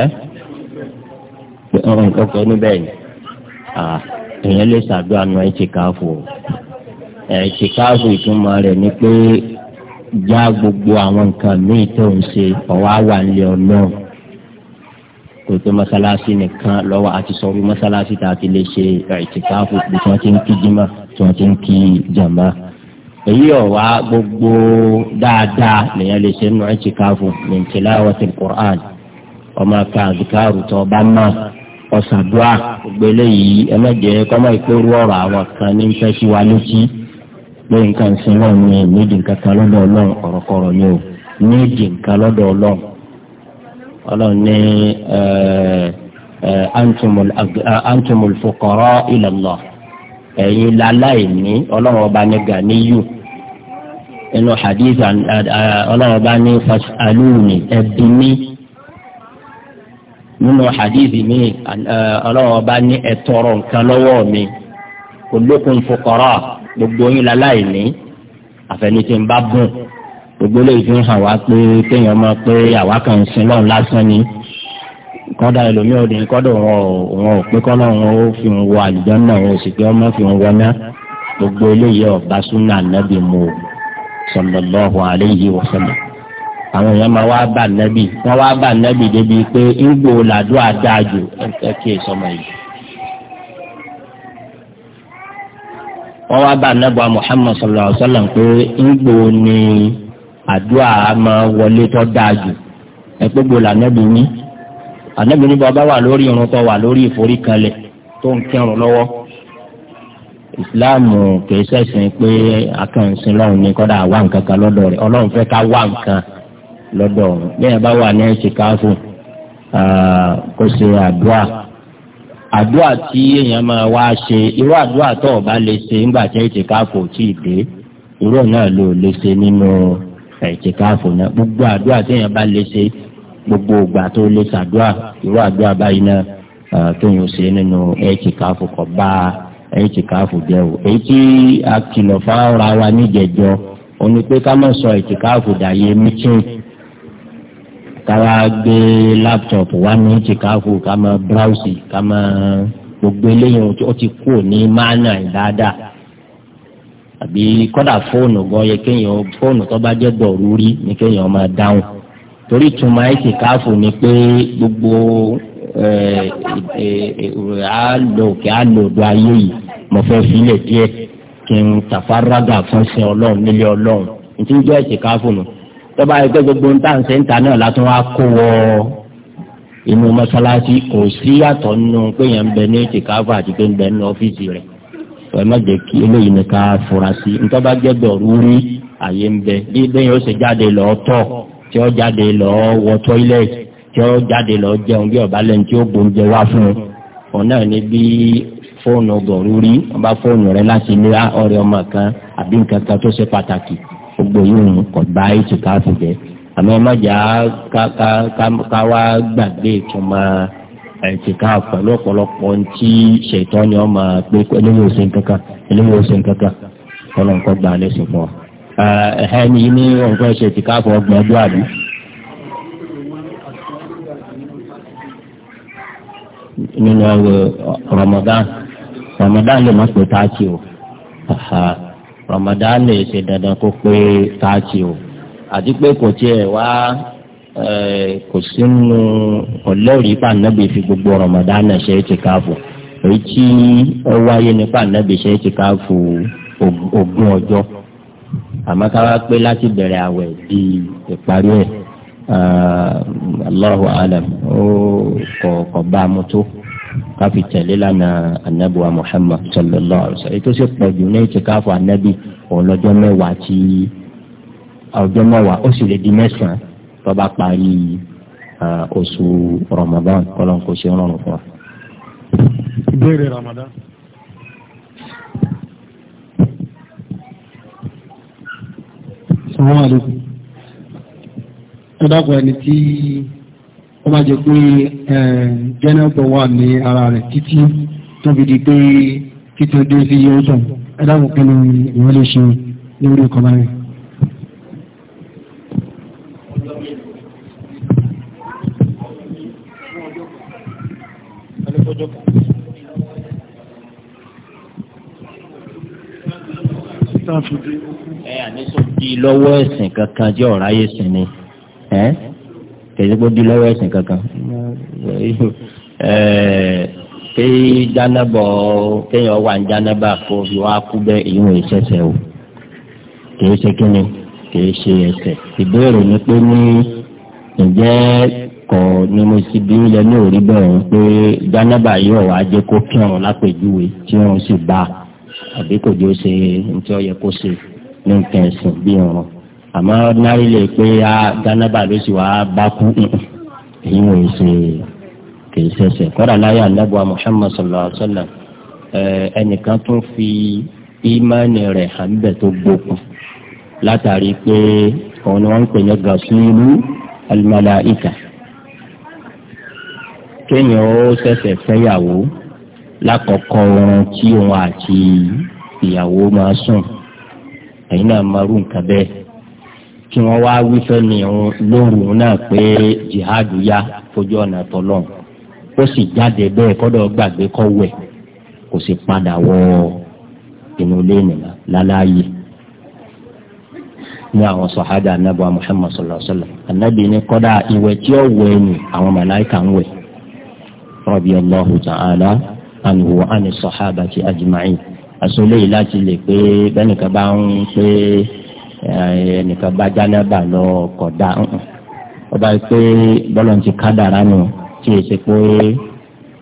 ẹ ọkọ níbẹ̀ ni èèyàn lè ṣàdúrà náà ẹ káfù ẹ káfù ìtumọ̀ rẹ̀ ni pé já gbogbo àwọn nǹkan míì tó ń ṣe ọ̀wá wà nílé ọlọ́run kò masalasi mọ́sálásí nìkan lọ́wọ́ àti sọ̀rọ̀ mọ́sálásí tá a ti lè ṣe ìtìkáfù bí wọ́n ti ń kí jimá tí wọ́n ti ń kí jàmbá. èyí ọ̀wá gbogbo dáadáa lèyàn lè ṣe nù ìtìkáfù min tilawatil Qur'an ọmọ ká àzìkárù tó bá mọ́ ọ̀sàdúrà gbogbo eléyìí ẹ má jẹ́ kọ́mọ́ ìpérú ọ̀rọ̀ àwọn kan ní fẹ́ sí wa létí lóyún kan sí wọn ní nídìí nǹkan lọ́dọ̀ ọlọ́run ọ̀rọ̀kọ̀rọ̀ ni ò nídìí lọ́dọ̀ ọlọ́run ọlọ́run ní eh, eh, eh, antumul fuqara ila Allah ẹ̀yin láláìní ọlọ́run ọba ní ganiyu inú hadith ọlọ́run ọba ní fasaluni ẹbí mi nínú hadith mi ọlọ́run ọba ní ẹ tọrọ nǹkan lọ́wọ́ mi kullukum fuqara gbogbo yín láláìní àfẹnitì ń bá gùn gbogbo lè fi hàn wá pé kéèyàn máa pé àwa kan ń sin lọ́run lásán ni kọ́dà ẹlòmíì òde kọ́dà wọn ò wọn ò pé kọ́nà wọn ó fi wọ àlùjánnà wọn ò sì pé ọmọ fi wọn ná gbogbo eléyìí ọba súnà nàbì mu sallallahu alayhi wa sallam àwọn èèyàn máa wá bá nàbì wọn wá bá nàbì débi pé ńgbò làdúrà dáa ẹ kí èso ọmọ yìí. wọ́n wá bá nàbà Muhammad sallallahu alayhi pé ńgbò ni àdúrà máa wọlé tó dáa jù ẹ pé gbòòlò ànábì ní ànábì ní bàbá wà lórí irun tó wà lórí ìforíkanlẹ̀ tó ń kírun lọ́wọ́ ìsìláàmù kìí ṣẹ̀sìn pé akẹ́hìnsìn lọ́run ní kọ́dà wá nǹkan kan lọ́dọ̀ rẹ̀ ọlọ́run fẹ́ ká wá nǹkan lọ́dọ̀ rẹ̀ bẹ́ẹ̀ bá wà ní ṣìkáfù kó ṣe àdúrà àdúrà tí èèyàn máa wá ṣe irú àdúrà tó o bá lè ṣe ńgbà tí ṣìkáfù tí ì dé irú náà ló lè ṣe nínú. No ẹ̀ẹ́tìkáàfù náà gbogbo àdúrà téèyàn bá lè ṣe gbogbo ìgbà tó lè ṣàdúrà irú àdúrà báyìí náà tóyún ṣe nínú ẹ̀ẹ́tìkáàfù kọ̀ bá ẹ̀ẹ́tìkáàfù jẹ́ o èyí tí a kìlọ̀ fáwọn ara níjẹ̀jọ́ ó ní pé ká mọ̀ sọ ẹ̀ẹ́tìkáàfù dàyé mítìn káwá gbé láptọ̀pù wá ní ẹ̀ẹ́tìkáàfù ká máa bíráùsì ká máa gbogbo eléyìí ó ti kú ní máànà dáadáa àbí kọ́dà fóònù gan yẹ kéèyàn fóònù tó bá jẹ́ bọ̀rú rí ni kéèyàn máa dáhùn torí ìtumọ̀ ẹ̀sìn káfù ni pé gbogbo àlò òkè àlò òdo ayé yìí mo fẹ́ filẹ̀ díẹ̀ kí n tàfárágà fún sin ọlọ́run nílé ọlọ́run ntí ń jẹ́ ẹ̀sìn káfù nù tó bá yẹ pé gbogbo ń tà ń ṣe ń ta náà látún wá kó wọ inú mọ́sálásí kò sí yàtọ̀ nínú pé ń bẹ ní ẹ̀sìn káfù àti pé ń bẹ ní ọ́fíìsì rẹ̀ ẹ má jẹ́ kí eléyìí ní ká fura sí nítorí bá jẹ́ dọ̀rú rí àyè ń bẹ bí bẹ́yìn ó ṣe jáde lọ tọ̀ tí ó jáde lọ wọ toilet tí ó jáde lọ jẹun bí ọba lẹ́nu tí ó gbóúnjẹ wá fún un òun náà ní bí fóònù dọ̀rú rí wọ́n bá fóònù rẹ láti ní ọ̀rẹ́ ọmọ kan àbí nǹkan kan tó ṣe pàtàkì gbogbo yìí ń kọ̀ bá ètò káfíńjẹ àmọ́ ẹ má ká wá gbàgbé ìtumọ̀ ẹ̀tìká pẹ̀lú ọ̀pọ̀lọpọ̀ ntí ṣètọ́ ni wọ́n máa pé eléyìí ò ṣe nǹkankan eléyìí ò ṣe nǹkankan kọ́nà nǹkan gbà lẹ́sìn fún ọ. ẹ̀hẹ́n yìí ní nǹkan ṣe ẹ̀tìká fún ọgbọ̀n ọdún àbí. nínú ẹ̀rọ Ramadan Ramadan lè má pé táàkì o Ramadan lè ṣe dandan kó pé táàkì o àti pé kò tiẹ̀ wá Eh, kò sínú ọlẹ́rìí pa ànábì fi gbogbo Ramadan ṣe é ti káfù èyí tí ó wáyé nípa ànábì ṣe é ti káfù ogún ọjọ́ àmọ́ ká wá pé láti bẹ̀rẹ̀ àwẹ̀ di ìparí ẹ̀ ah, Allahu alam ó kọ̀ bá a mú tó káfi tẹ̀lé lánàá anabiwa Muhammad sallallahu alayhi wa sallam ètò sì pọ̀jù ní ìtìkáfù anabi ọ̀lọ́jọ́ mẹ́wàá tí ọjọ́ mẹ́wàá ó sì lè di mẹ́sàn-án tọ́ba parí oṣù Ramadan kọ́lọ́n kò ṣe ń rọrùn fún wa. ìbéèrè Ramadan. sàmúlò àdókò ẹ dákun ẹni tí ó bá jẹ pé jẹ́nẹ́tọ̀ wà ní ara rẹ̀ títí tó fi di pé títí ó dé sí yóò tàn ẹ dákun kí ni ìwọ́n ṣe lórí ìkọlá rẹ̀. kójó kù. ẹ àníṣó di lọ́wọ́ ẹ̀sìn kankan jẹ́ ọ̀rá yé sìn ni ẹ kẹ̀sìkò di lọ́wọ́ ẹ̀sìn kankan pé jánàbọ̀ kéèyàn wà ní jánàbà kó fi wá kú bẹ́ẹ̀ ìwọ̀n ìṣẹ̀ṣẹ̀ o kìí ṣe kíni kìí ṣe ẹ̀ṣẹ̀ ìbéèrè ni pé ní ǹjẹ́ kọ ní mo sì bí ilẹ̀ ní òrí bẹ́ẹ̀ ń pé jánábà yóò wá jẹ́ kó kírun lápèjúwe tí òun sì bá àbí kò jẹ́ ó ṣe nítí ó yẹ kó ṣe ní nǹkan ẹ̀sìn bí ọ̀run àmọ́ náírà lè pé jánábà ló sì wá bá kú èyí wò ṣe kì í ṣẹ̀ṣẹ̀ kọ́dà láyé anábọ́à Muhammad sallallahu alaihi ẹnìkan tó fi ìmánì rẹ̀ hàn bẹ̀ tó gbókun látàrí pé òun ni wọ́n ń pè ní gàṣúlù alimalaika kéèyàn ó ṣẹ̀ṣẹ̀ fẹ́yàwó lákọ̀ọ́kọ́ oorun tí òun àti ìyàwó máa sùn ẹ̀yin náà máa rú nǹkan bẹ́ẹ̀ kí wọ́n wá wí fẹ́mi lóru náà pé jihad yá fojú ọ̀nà tọ́lọ́n ó sì jáde bẹ́ẹ̀ kọ́dọ̀ gbàgbé kọ́ wẹ̀ kò sì padà wọ inú ilé nìyà láláyé ní àwọn sọ̀hádà anábọ̀ Muhammad sallallahu alaihi wasallam anábì ní kọ́dà ìwẹ̀ tí ó wẹ̀ ni àwọn màláìka ń wẹ̀ radiyallahu ta'ala anhu wa ani sahabati ajma'in àsọlé yìí láti lè pé bẹ́nìkan bá ń pé eh, ẹnìkan bá jánábà lọ kọ̀dá ọba pé bọ́lọ̀ ti kádàrá nù tí èsì pé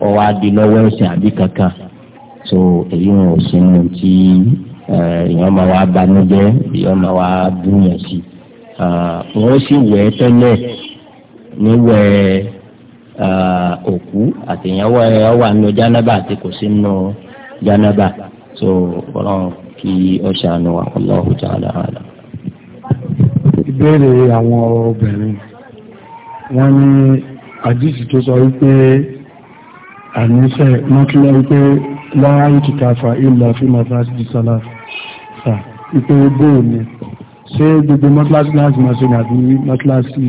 ọwọ́ adi lọ́wọ́ ẹ̀sìn àbí kankan so èyí wọn ò sí mu tí eh, èèyàn máa wá banújẹ́ èèyàn máa wá búyàn sí ah, wọ́n sì wẹ̀ tẹ́lẹ̀ níwẹ̀ẹ́. Uh, òkú àtìyànwó ẹ wà nínú jánábà àti kò sí nínú jánábà so ọlọ́run kí ọ ṣàánú wa ọlọ́run jà lára. ìbéèrè àwọn obìnrin wọ́n ní àdìsí tó sọ wípé àníṣe mọ́kílẹ̀ wípé lára ìkìkàfà ìlà fún mọ́tíláṣí di sọ́lá fà wípé bóò ni ṣé gbogbo mọ́tíláṣí láti máa ṣe àbí mọ́tíláṣí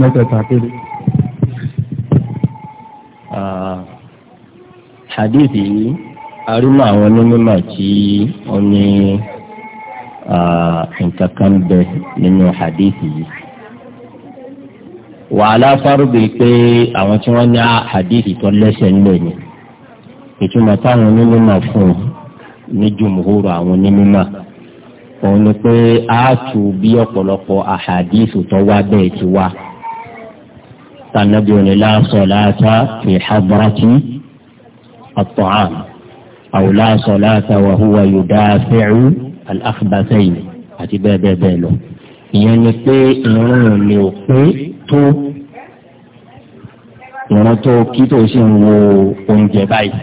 mẹ́tẹ̀ẹ̀ta péré. Ah, hadith yìí arínú àwọn onímọ̀ tí wọ́n ní ah, nǹkan kan bẹ nínú hadithi, yìí wàhálà fárúgbì pé àwọn tí wọ́n ní hadith tó lẹ́sẹ̀ ńlẹ̀ ni ìtumọ̀ táwọn onímọ̀ fún un ní jùmùhúrò àwọn onímọ̀ òun ni pé a tù bí ọ̀pọ̀lọpọ̀ àhàdíìsù tó wá bẹ́ẹ̀ ti wá tànàbí òní لا صلاة في hadrati الطعام أو لا صلاة وهو يدافع huwa yudafi'u al-akhbathayn àti bẹ́ẹ̀ bẹ́ẹ̀ bẹ́ẹ̀ lọ. ìyẹn ni pé ìran mi ò pé tó ìran tó kí tó ń wo oúnjẹ báyìí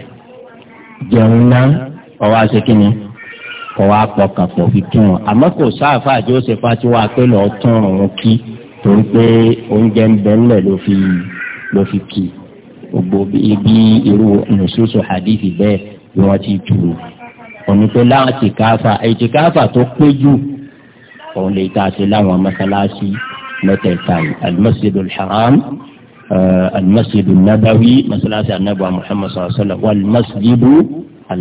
jẹun náà ọwọ́ àṣẹ kínní kọ́ wa fi kí wọn àmọ́ kò sáà fáàjì ṣe fá tí wàá pé lọ́ọ́ tún òun kí torí pé oúnjẹ ń bẹ ńlẹ̀ ló fi ló fi kì gbogbo ibi irú nùsùsù hadithi bẹ́ẹ̀ ni wọ́n ti tù ú òní pé láwọn tìkáfà ètìkáfà tó pé jù òun lè ta sí láwọn mọ́sálásí mẹ́tẹ̀ẹ̀ta yìí alimọ́sídù haram eh, alimọ́sídù nabawi mọ́sálásí anabu muhammad sallallahu alayhi wa sallam alimọ́sídù al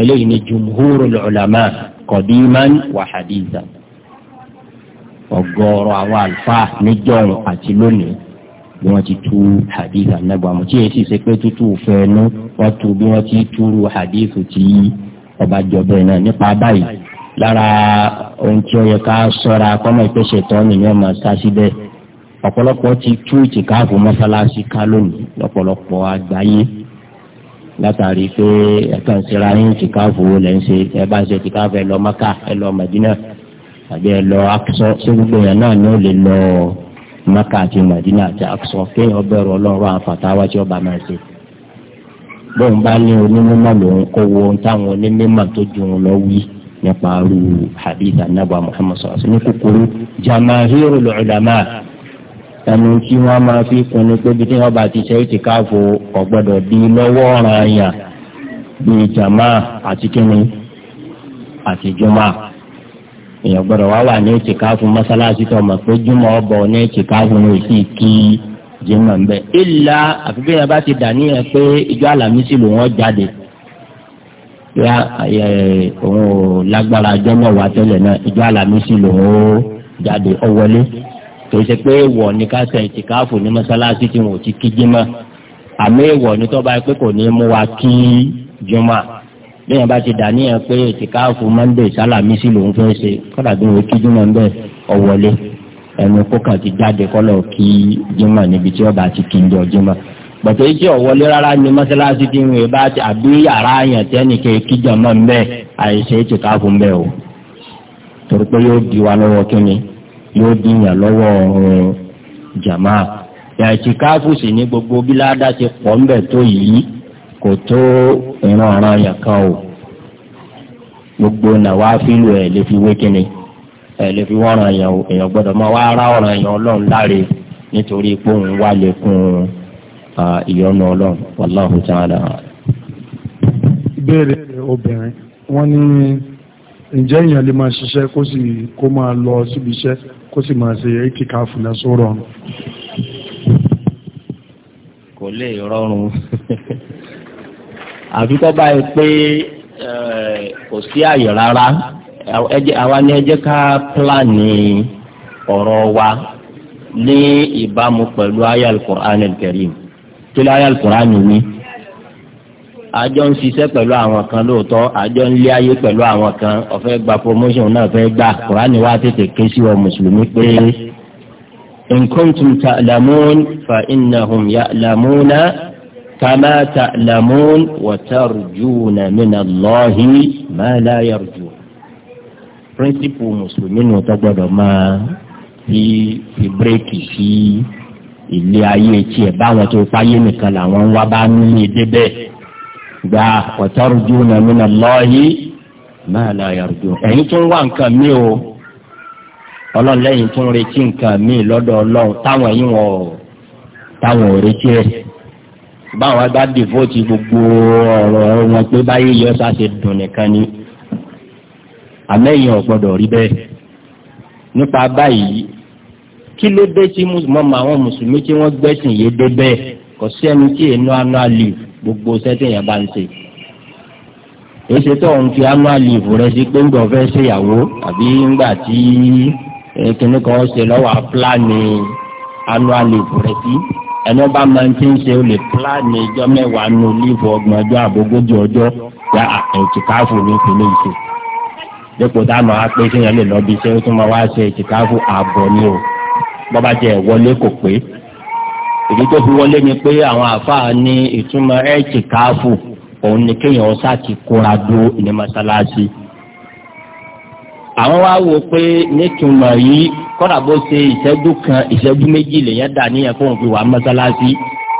eléyìí ni jumhurul ulama qadiman wa hadithan ọ̀gọ̀rọ̀ àwọn àlùfáà níjọ́rùn àti lónìí bí wọ́n ti tú hadith anagba mọ̀ tí èsì ṣe pé tútù fẹ́ẹ́nu wọ́n tu bí wọ́n ti túrú hadith tí ọba jọba náà nípa báyìí lára ohun tí ó yẹ ká sọ́ra kọ́mọ̀ ìpèsè tán nìyẹn máa sá síbẹ̀ ọ̀pọ̀lọpọ̀ ti tú ìtìkáàfù mọ́sálásí ká lónìí lọ́pọ̀lọpọ̀ àgbáyé látàrí pé ẹ̀ka ìsira yín ìtìkáàfù lẹ́ ẹ bá ń ṣe ìtìkáàfù ẹ lọ Mẹ́kà ẹ lọ Mẹ́dínà àbí ẹ lọ akṣọ ṣé gbogbo yẹn náà ni ó lè lọ maka àti madina àti akṣọ kéèyàn bẹ̀rù ọlọ́run àfàtàwá tí ọba máa ṣe bóun bá ní onímọ̀ lòun kó wo ohun táwọn onímọ̀ tó ju lọ wí nípa aru hadith anabu muhammad ní kúkúrú jamahiru tí fi kunu pé bí ti ṣe é ti juma. èèyàn gbọ́dọ̀ wá wà ní ètìkáfù mọ́sálásí tó mọ̀ pé jùmọ̀ ọbọ̀ ní ètìkáfù ní òsì kí jùmọ̀ nbẹ. ìlà àfikún yẹn bá ti dà níyẹn pé ìjọ àlàmísì ló wọ́n jáde yá òun ò lágbára jọmọ wà tẹ́lẹ̀ náà ìjọ àlàmísì ló wọ́n jáde ọwọlé kì í ṣe pé wọ̀ ní ká ṣe ètìkáfù ní mọ́sálásí tí wọn ò ti kí jùmọ̀ àmì ìwọ̀ ní tọ́ba pé kò ní mú wa kí jùmọ̀ bẹ́ẹ̀ bá ti dà níyàn pé ètìkáàfù monday sálàmísì lòún fẹ́ ṣe kọ́dà bí wọ́n kí jùmọ̀ bẹ́ẹ̀ ọ̀wọ́lé ẹnu kókàn ti jáde kọ́lọ̀ kí jùmọ̀ níbi tí ọba ti kí n jọ jùmọ̀ bàtà iṣẹ́ ọ̀wọ́lé rárá ni mọ́sálásí ti ń wẹ̀ bá ti àbí yàrá àyàn tẹ́nì kẹ́ kí jùmọ̀ bẹ́ẹ̀ àìṣe ètìkáàfù bẹ́ẹ̀ o torí pé yóò di wa lọ́wọ́ kíni yóò di yàn lọ́wọ́ jàmáà yàtìkáàfù sì ní gbogbo bí ti pọ̀ ń bẹ̀ tó yìí kò tó ìran ọ̀ràn yẹn kan o gbogbo nàwa fílù ẹ̀ lè fi wé kíni ẹ̀ lè fi wọ́n ọ̀ràn yẹn o èèyàn gbọ́dọ̀ máa wá ara ọ̀ràn yẹn ọlọ́run láre nítorí pé òun wá lè kún ìyọnu ọlọ́run wàláhùn tí wọ́n dà. ìbéèrè obìnrin wọ́n ní ǹjẹ́ èèyàn lè máa ṣiṣẹ́ kó sì kó máa lọ síbi iṣẹ́ kó sì máa ṣe èkìká fúnlẹ̀ sórọ̀ kò lè rọrùn àfi tó báyìí pé kò sí àyè rárá àwa ni ẹ jẹ́ ká pílánì ọ̀rọ̀ wa ní ìbámu pẹ̀lú àyá al-Qur'an al-Karim kí ló àyá al-Qur'an ni àjọ ń ṣiṣẹ́ pẹ̀lú àwọn kan lóòótọ́ àjọ ń lé ayé pẹ̀lú àwọn kan ọ̀fẹ́ gba promotion náà fẹ́ gbà kùránì wá tètè ké sí wọn mùsùlùmí pé in kuntum ta'lamun fa innahum ya'lamuna kama ta'lamun wa tarjuna min Allahi ma la yarjun. píríncípù mùsùlùmí nù tó gbọ́dọ̀ máa fi fi bírèkì sí ilé ayé tiẹ̀ báwọn tó fáyé nìkan làwọn ń wá bá ní ilé bẹ́ẹ̀ gba wa tarjuna min Allahi ma la yarjun. ẹ̀yin tó ń wá nǹkan mi o ọlọ́lẹ́yìn tó retí nǹkan mi lọ́dọ̀ ọlọ́run táwọn ẹ̀yin wọ̀ táwọn ò retí ẹ̀ báwa bá dìfọ́tì gbogbo ọ̀rọ̀ wọn pé báyé yọ sáṣe dùn nìkan ni àmẹ́yìn ọ̀gbọ́dọ̀ rí bẹ́ẹ̀ nípa báyìí kí ló dé tí mọ̀mọ́ àwọn mùsùlùmí tí wọ́n gbẹ́sìn yé dé bẹ́ẹ̀ kò sí ẹni tí èèyàn annual leave gbogbo sẹ́tẹ̀ yẹn bá ń ṣe èsì tó ń fi annual leave rẹ sí pé ńgbọ̀n fẹ́ ṣèyàwó àbí ńgbà tí eh, kìnnìkan ṣe lọ́wọ́ apláàni annual leave rẹ sí ẹni ọba máa ń ti ń ṣe ó lè pílánì ìjọ mẹ́wàá nù lífọ ọgbọ̀n ọjọ́ àbógójì ọjọ́ ya ètìkáfù ní ìpínlẹ̀ ìṣe dípò táwọn á pé kéèyàn lè lọ bí iṣẹ́ ó tún máa wá ṣe ètìkáfù ààbọ̀ ni o bọ́ba jẹ́ ìwọlé kò pé ìdí tó fi wọlé ni pé àwọn àfáà ní ìtumọ̀ ètìkáfù òun ni kéèyàn sáàtì kóra dúró ní àwọn wá wo pé nítumọ̀ yìí kọ́dà bó ṣe ìṣẹ́jú kan ìṣẹ́jú méjì lèyẹn dà níyẹn fóun fi wà mọ́sálásí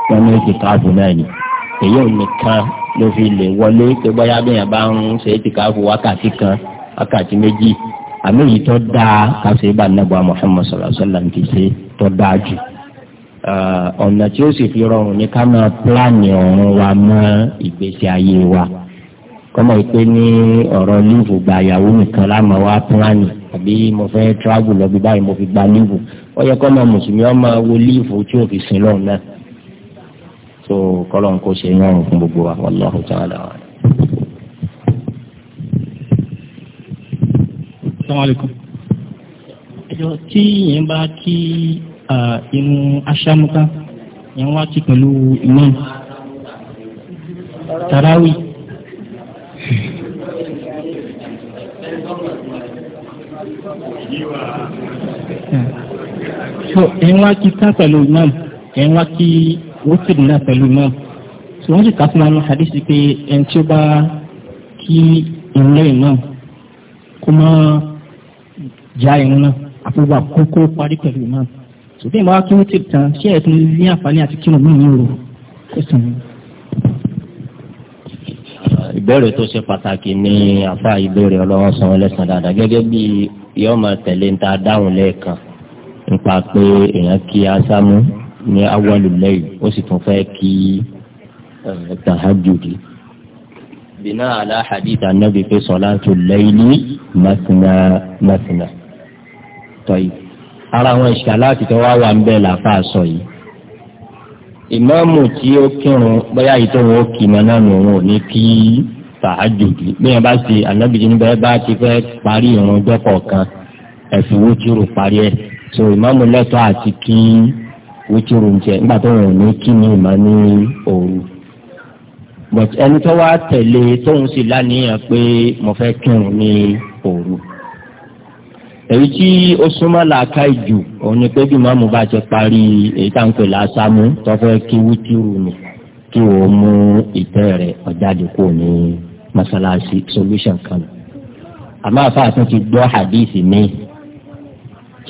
wọn ní ìtìkáàfù náà ni èyí ò nìkan ló fi lè wọlé pé bóyá bẹ́yẹn bá ń ṣe ìtìkáàfù wákàtí kan wákàtí méjì àmì yìí tó dáa káṣí bá nàbọ̀ Muhammad sallallahu alaihi wasallam ti ṣe tó dáa jù ọ̀nà tí ó sì fi rọrùn ní ká máa pílánì ọ̀run wa mọ́ ìgbésí ayé wa kọ́mọ̀ ìpè ní ọ̀rọ̀ líìfù gbà yàwó nìkan láàmú wa pílánì àbí mo fẹ́ travel lọ bí báyìí mo fi gba líìfù ó yẹ kọ́ máa mùsùlùmí ọ máa wo líìfù tí ò fi sin lọ́run náà so kọ́lọ́n kó ṣe yàn fún gbogbo wa wallahu ta'ala. sàmàlìkù ẹjọ tí yẹn bá kí irun aṣámúta yẹn wá kí pẹ̀lú imam tarawi. so ẹ̀yin wá kí ká pẹ̀lú imam ẹ̀yin wá kí wọ́tìrì náà pẹ̀lú imam so wọ́n sì ká fún àwọn hadisi pé ẹni tí ó bá kí ìrìnlẹ̀ imam kó má já irun náà àfọwọ́ àkókò parí pẹ̀lú imam so bí ìmọ̀ wá kí wọ́tìrì tán ṣé ẹ̀ tún ní àǹfààní àti kírun mí ní òru kó sàn mí ìbéèrè tó ṣe pàtàkì ní àfa ìbéèrè ọlọ́wọ́ sanwó lẹ́sàn dáadáa gẹ́gẹ́ bí yọ́ọ́ nípa pé èèyàn kí asámú ní awọ́lù lẹ́yìn ó sì tún fẹ́ kí tahajjudi. bìnnà àlá hadith anábì pé salatu layli masna masna. tọ́yì ara àwọn ìṣẹ̀lá láti tọ́wọ́ wà ń bẹ̀ làfà sọ yìí. ìmáàmù tí ó kírun bóyá yìí tó wọn kì í náà nù wọn ní kí tahajjudi. bí bá ṣe anábì níbẹ̀ bá ti fẹ́ parí ìrun ọjọ́ kọ̀ọ̀kan ẹ̀fìn wújúrù parí ẹ̀ so ìmáàmù lẹ́tọ̀ àti kí wítìrù ń jẹ nígbà tó wọn ò ní kí ni ìmọ̀ ní òru but ẹni tó wá tẹ̀lé tóun sì lánìyàn pé mo fẹ́ kírun ní òru èyí tí ó súnmọ́ làákà ìjù òun ni pé bí ìmáàmù bá ti parí èyí tá à ń pè lásámú tó fẹ́ kí wítìrù nù kí wọ́n mú ìtẹ́ rẹ̀ ọ̀jáde kúrò ní mọ́sálásí solution kan àmọ́ àfa àtúntì gbọ́ hadith mi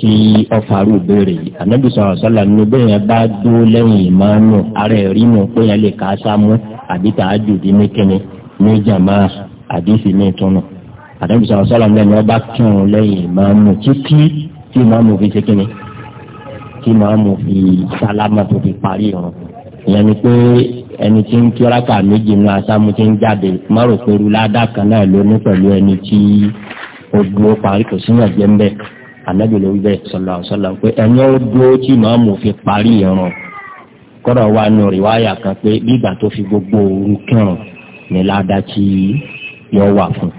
tí ọ̀fàrú béèrè yìí ànábì sọ̀rọ̀ sọ́là nínú bẹ́ẹ̀ yẹn bá dúró lẹ́yìn ìmáàmù ara ẹ̀ rí nù pé yẹn lè ká sámú àbí tá a jù dín ní kíni ní jàmá àdéhìí ní ìtúnú ànábì sọ̀rọ̀ sọ́là nínú ẹ̀ bá kírun lẹ́yìn ìmáàmù títí tí ìmáàmù fi ṣe kíni tí ìmáàmù fi sálámà tó fi parí ìrun ìyẹn ni pé ẹni tí ń kíra ká méjì nínú asámú ti ń jáde má rò pé rúlá anabi ló wí bẹ́ẹ̀ sọlá sọlá pé ẹni ó dúró tí màmú fi parí ìrun kọ́dọ̀ wa nù rìwáyà kan pé bígbà tó fi gbogbo òru kírun ní ládàá tí yọ wà fún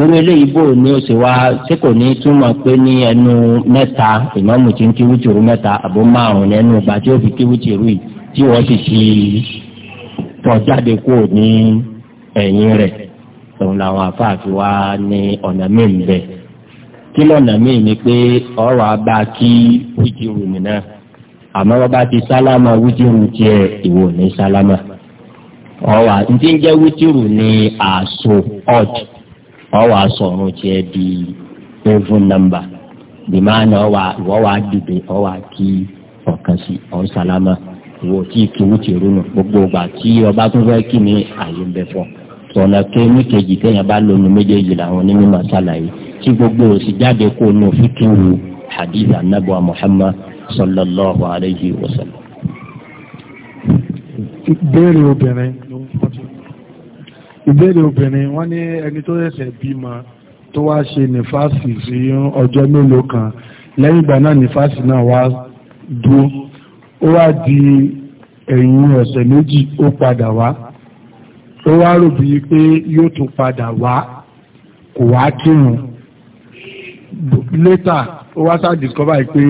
un irú eléyìí bò ní oṣù wa tí kò ní túmọ̀ pé ní ẹnu mẹ́ta ìmáàmù tí ń kí wútìrú mẹ́ta àbó márùn ní ẹnu ìgbà tí ó fi kí wútìrú yìí tí wọ́n sì fi tọ́ jáde kúrò ní ẹ̀yìn rẹ̀ òun làwọn afáàfin wa ní ọ̀nà mẹ́rin kí lọ́nà míì ni pé ọ̀rọ̀ abá kí wíjìrù àmọ́ wọ́n bá ti sálámà wíjìrù tiẹ̀ ìwò ní sálámà ọ̀wà ntí ń jẹ́ wíjìrù ní àṣọ ọ̀d ọ̀wà sọ̀rọ̀ tiẹ̀ di even number bìmánà ọ̀wà ìwọ́wà dìde ọ̀wà kí ọ̀kan sí sálámà tí nù tọ̀nà kéémì kejì téèyàn bá lónú méjèèjì làwọn onímọ̀ sàlàyé tí gbogbo òsì jáde kó nu fíkìwù hadith anabu muhammad sallallahu alayhi wa sallam. ìbéèrè obìnrin ìbéèrè obìnrin wọ́n ní ẹni tó ṣẹ̀ṣẹ̀ bímọ tó wá ṣe nífàsì sí ọjọ́ mélòó kan lẹ́yìn ìgbà náà nífàsì náà wá dúró ó wá di ẹ̀yìn ọ̀sẹ̀ méjì ó padà wá ó wá rò bí pé yóò tún padà wá kò wá kírun létà ó wá sá discover pé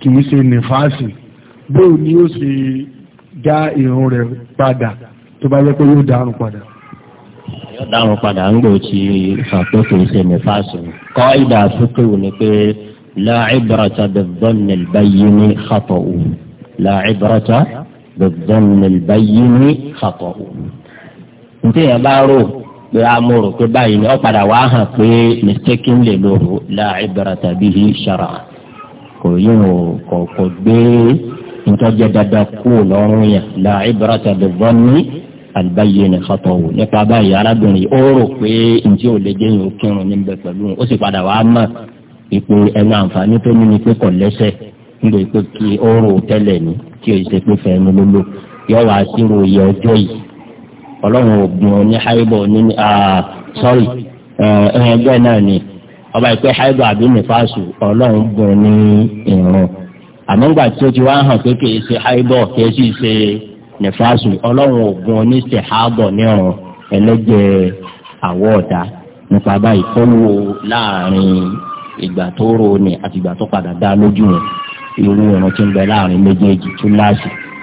kì í ṣe nífàásì bóò ni ó ṣe dá ìrun rẹ̀ padà tó bá yẹ pé yóò dárun padà. yóò dárun padà ń gbòó tí àtúntò ṣe nífàásì kọ́ ìdá àtúntò ni pé láìbàràtà bẹ̀bọ̀nì báyìí ní xàtọ̀ òun láìbàràtà bẹ̀bọ̀nì báyìí ní xàtọ̀ òun ntí yẹn bá rò pé amúrò pé báyìí ni ó padà wá hàn pé mistake lè lòrò la ibrata bihi ṣara kò yín o kò kò gbé ntọ́jẹ́ dandan kú lọ́rùn yẹn la ibrata bi dhanni alibaye ni xɔtɔwo nípa báyìí arábìnrin ó rò pé ntí ò lè déyìn òkèrún níbẹ̀ pẹ̀lú ó sì padà wá mọ̀ ipò ẹnu àǹfààní tó ní ni pé kò lẹ́sẹ̀ nígbà pé kí ó rò tẹ́lẹ̀ ni kí o ṣe pé fẹ́ẹ́ ọlọ́run ògùn oní haibọ̀ oní sọ́rí ẹgbẹ́ náà ni ọba ìpẹ́ haibọ̀ àbí nífàsù ọlọ́run gùn ní ìrun àmọ́ ńgbà tí ó ti wá hàn pé kìí ṣe haibọ̀ kìí sì ṣe nífàsù ọlọ́run ògùn oní ṣèhábọ̀ nírun ẹlẹ́gbẹ́ àwọ̀ ọ̀dà nípa báyìí tó wo láàrin ìgbà tó ro ni àti ìgbà tó padà dá lójú yẹn irú ìrun tí ń bẹ láàrin méjèèjì túláàsì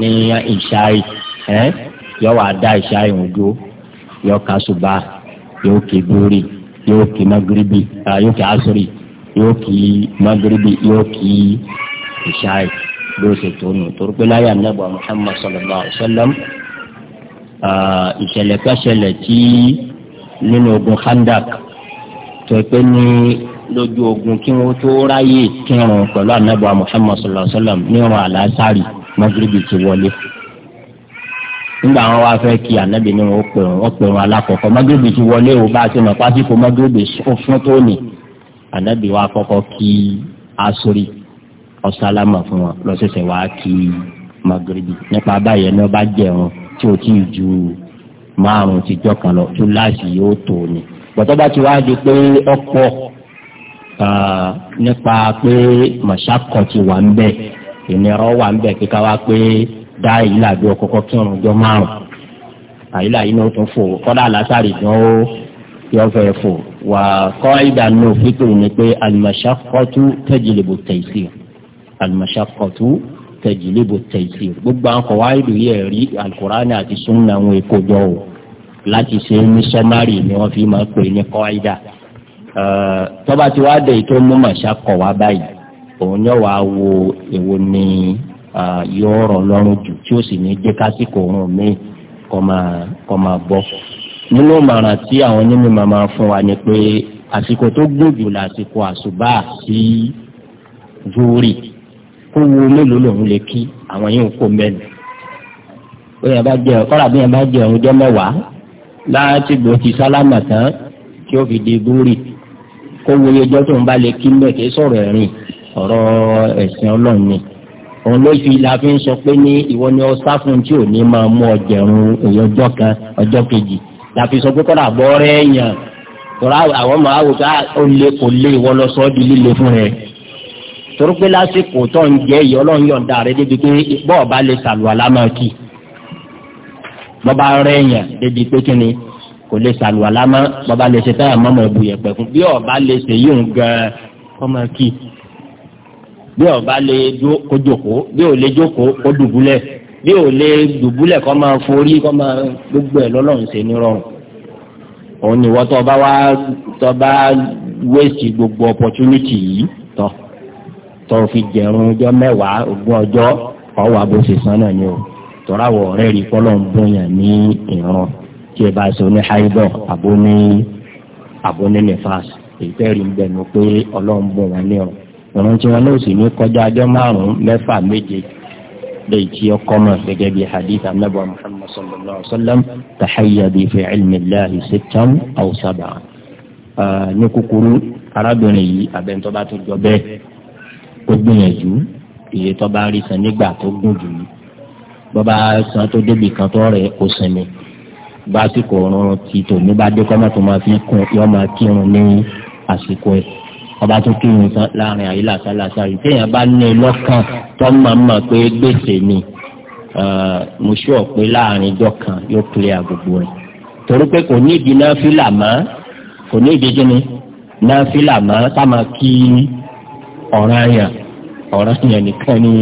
ní ìṣáì ẹ yọ wà dá ìṣáì ń dúró yọ ká ṣùgbà yóò kí dúrì yóò kí magiribi yóò kí asiri yóò kí magiribi yóò kí ìṣáì bí ṣe tó nù torí pé láyà Muhammad sallallahu alaihi wa sallam ìṣẹ̀lẹ̀ kẹṣẹlẹ̀ tí nínú ogun Khandak tó pé ní lójú ogun kí wọ́n tó ráyè kírun pẹ̀lú ànábì Muhammad sallallahu alaihi wa sallam nírun àlásàrì mọ́gìrìbì ti wọlé nígbà wọn wá fẹ́ kí ànábì ni wọn pè wọn pè wọn alákọ̀ọ́kọ́ mọ́gìrìbì ti wọlé o bá a ti mọ̀ pásíkò mọ́gìrìbì fún tóní ànábì wa kọ́kọ́ kí asori ọ̀sálámà fún wọn lọ́sẹ̀sẹ̀ wá kí mọ́gìrìbì nípa báyẹn ní wọn jẹun tí o ti ju márùn ti jọ kan lọ tó láàṣì yóò tó ni bá ti wá di pé ọ̀pọ̀ ah, nípa pé màṣákọ̀ ti wà ń bẹ́ẹ̀ ìnira wà ń bẹ̀ kíkà wá pé dá ìlà bí ọkọ̀kọ́ kírun jọ márùn àyílà yìí ni ó tún fò kọ́dà lásàrì gan ó yọ fẹ́ fò wà kọ́ ìdáná fíkù ni pé al-mashaqqatu tajlibu at-taysir al-mashaqqatu tajlibu at-taysir gbogbo àwọn wáyé lóye ẹ̀rí al-Qur'ani àti sunna àwọn èkó jọ o láti ṣe ní sọ́márì ni wọ́n fi máa ń pè ní kọ́ ìdá tọ́ba tí wàá dé ètò mú màṣá kọ̀ wá báyìí òun yóò wá wo èwo ni yóò rọ̀ lọ́rùn jù tí ó sì ní dé kásìkò òun mi kọ́ máa bọ́. nínú ìmọ̀ràn tí àwọn onímọ̀ máa fún wa ni pé àsìkò tó gbòjù lásìkò àṣùbà sí zúrì kó wo mélòó lòun lè kí àwọn yóò kó mẹ́nu. ó yẹn bá jẹ kọ́ra bí yẹn bá jẹ òun jẹ́ mẹ́wàá láti gbòòtì sálámà tán kí ó fi di zúrì kó wo iye tó ń bá lè kí mẹ́kẹ́ sọ̀rọ̀ ẹ̀rìn ọ̀rọ̀ ẹ̀sìn ọlọ́run ni òun ló fi la fi ń sọ pé ní ìwọ ni ọ sá fún tí ò ní máa mú ọjẹrun èyí ọjọ́ kan ọjọ́ kejì la fi sọ pé kọ́dà bọ́ rẹ̀ yàn tọ́lá àwọn ọmọ àwòká ó lé kò lé ìwọ lọ sọ́ di líle fún rẹ̀ torí pé lásìkò tó ń jẹ́ ìyọ́ ọlọ́run yọ̀ǹda rẹ̀ débi pé bọ́ọ̀ bá lè sàlùwàlá máa kì bọ́ba rẹ̀ yàn débi pé kíni kò lè sàlùwàlá máa bọ́ba lè ṣe táyà mọ́mọ́ ìbùyẹ̀pẹ̀ fún bí ọ̀ba lè ṣe yíò gan-an bí ọba lè kó jòkó bí ò lè jòkó kó dùbúlẹ̀ bí ò lè dùbúlẹ̀ kó máa forí kó máa gbogbo ẹ̀ lọ́lọ́run ṣe ní rọrùn òun ni wọ́n tọ́ba wá tọ́ba wéèsì gbogbo opportunity yìí tọ́ tọ́ fi jẹun ọjọ́ mẹ́wàá ogún ọjọ́ ọwọ́ abóṣe san náà ni o tọ́ra wọ ọ̀rẹ́ rí kọ́lọ́ ń bóyá ní ìran tí ẹ bá ṣe oníháìbọ̀ àbóní àbóní nìfàs èyí tẹ́rì ń bẹnu pé ọlọ́run bò wọ́n ní ọ̀rọ̀ ìrun tí wọn náà sì ní kọjá ajọ́ márùn-ún mẹ́fà méje lẹ́yìn tí ó kọ́mọ̀ gẹ́gẹ́ bí hadith anábọ̀ muhammad sallallahu alayhi wa sallam tahayyadi fi ilmi lahi sittan aw sab'a. ní kúkúrú arábìnrin yìí abẹ́ntọ́ bá tó jọ bẹ́ẹ̀ ó gbìyànjú iye tó bá rí san nígbà tó gùn jù ní bọ́bá san tó débi kan tó rẹ̀ kó sinmi bá àsìkò ọ̀run ti tòun bá dé kọ́mọ̀ tó máa fi kún yọ máa kírun ní àsìkò ẹ̀ ọba tó kírun tán láàrin àyílà sálásá yìí téèyàn bá ní i lọ́kàn tó máa mọ̀ pé gbèsè ni uh, mo ṣú ọ̀pẹ láàrin ijọ́ kan yóò kílẹ̀ àgbègbè rẹ̀ torí pé kò ní ìdí náà fílà mọ́ kò ní ìdí kíni náà fílà mọ́ ká máa kí ọ̀ràn yàn ọ̀ràn yàn nìkan ni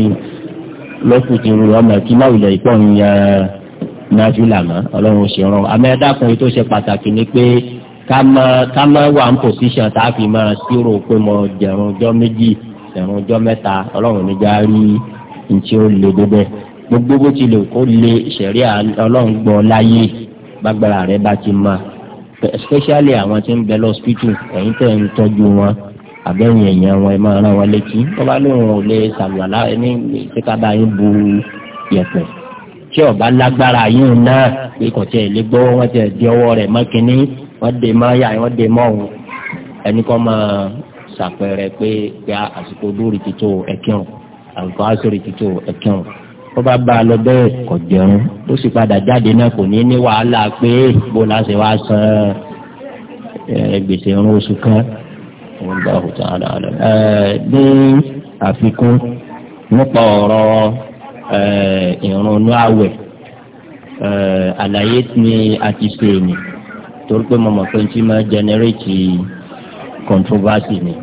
lọ́kùn ti rú ọmọ kí má wulẹ̀ ìpọ́n yàn náà fílà mọ́ ọlọ́run ò ṣe kama kama wà ń pòsíṣàn tá a fi máa ṣírò pé mo jẹ̀rùn ọjọ́ méjì jẹ̀rùn ọjọ́ mẹ́ta ọlọ́run níjà rí ntí ó le débẹ̀ gbogbo bó ti lè kó le ṣẹ̀rí ọlọ́run gbọ́ láyé bágbára rẹ̀ bá ti máa especially àwọn tí ń bẹ lọ́spítù ẹ̀yin tẹ̀ ń tọ́jú wọn àbẹ̀yìn èèyàn wọn ẹ máa rán wọn létí wọ́n bá lóun ò lè ṣàlùwàlá ẹni kíkàbá yín bu yẹ̀pẹ̀ tí ọba lágbára yín náà pé tẹ̀ lè gbọ́wọ́ wọn tẹ̀ di ọwọ́ rẹ̀ mọ́kínní wọ́n dè mọ́ yá wọ́n dè mọ́ òun ẹni kọ́ máa ṣàpẹẹrẹ pé pé àsìkò lórí títò ẹ̀kírun àsìkò àsìrì títò ẹ̀kírun wọ́n bá bá a lọ bẹ́ẹ̀ kọ̀ jẹun ó sì padà jáde náà kò ní ní wàhálà pé bó la ṣe wá san gbèsè irun oṣù kan wọ́n bá òkúta àdá àdá. ní àfikún nípa ọ̀rọ̀ ìrun àwẹ̀ àlàyé ni a ti ṣe ènìyàn torí pé mo mọ̀ pé tí máa jẹnẹrétì kọ̀ǹtróbásì ni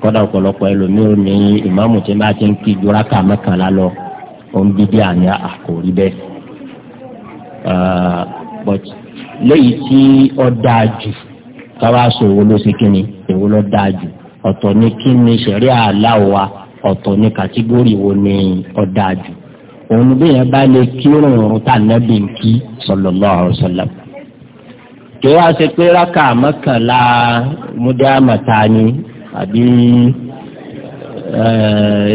kọ́dà ọ̀pọ̀lọpọ̀ ẹlòmíì ò ní ìmáàmù tí máa ti ń kí ju rákà mẹ́kànlá lọ ó ń dídí àní àkòrí bẹ́ẹ̀. Ah, but léyìí tí ó dáa jù káwá sọ èwo ló ṣe kíni èwo ló dáa jù ọ̀tọ̀ ní kíni ṣẹ̀rí àlá wa ọ̀tọ̀ ní kàtígórì wo ni ó dáa jù òun bí yẹn bá lè kírun ọ̀run tá nàbì ń kí sallallahu alaihi wasallam kí wá ṣe pé rákà mọ́kànlá múdàmọ́ta ni àbí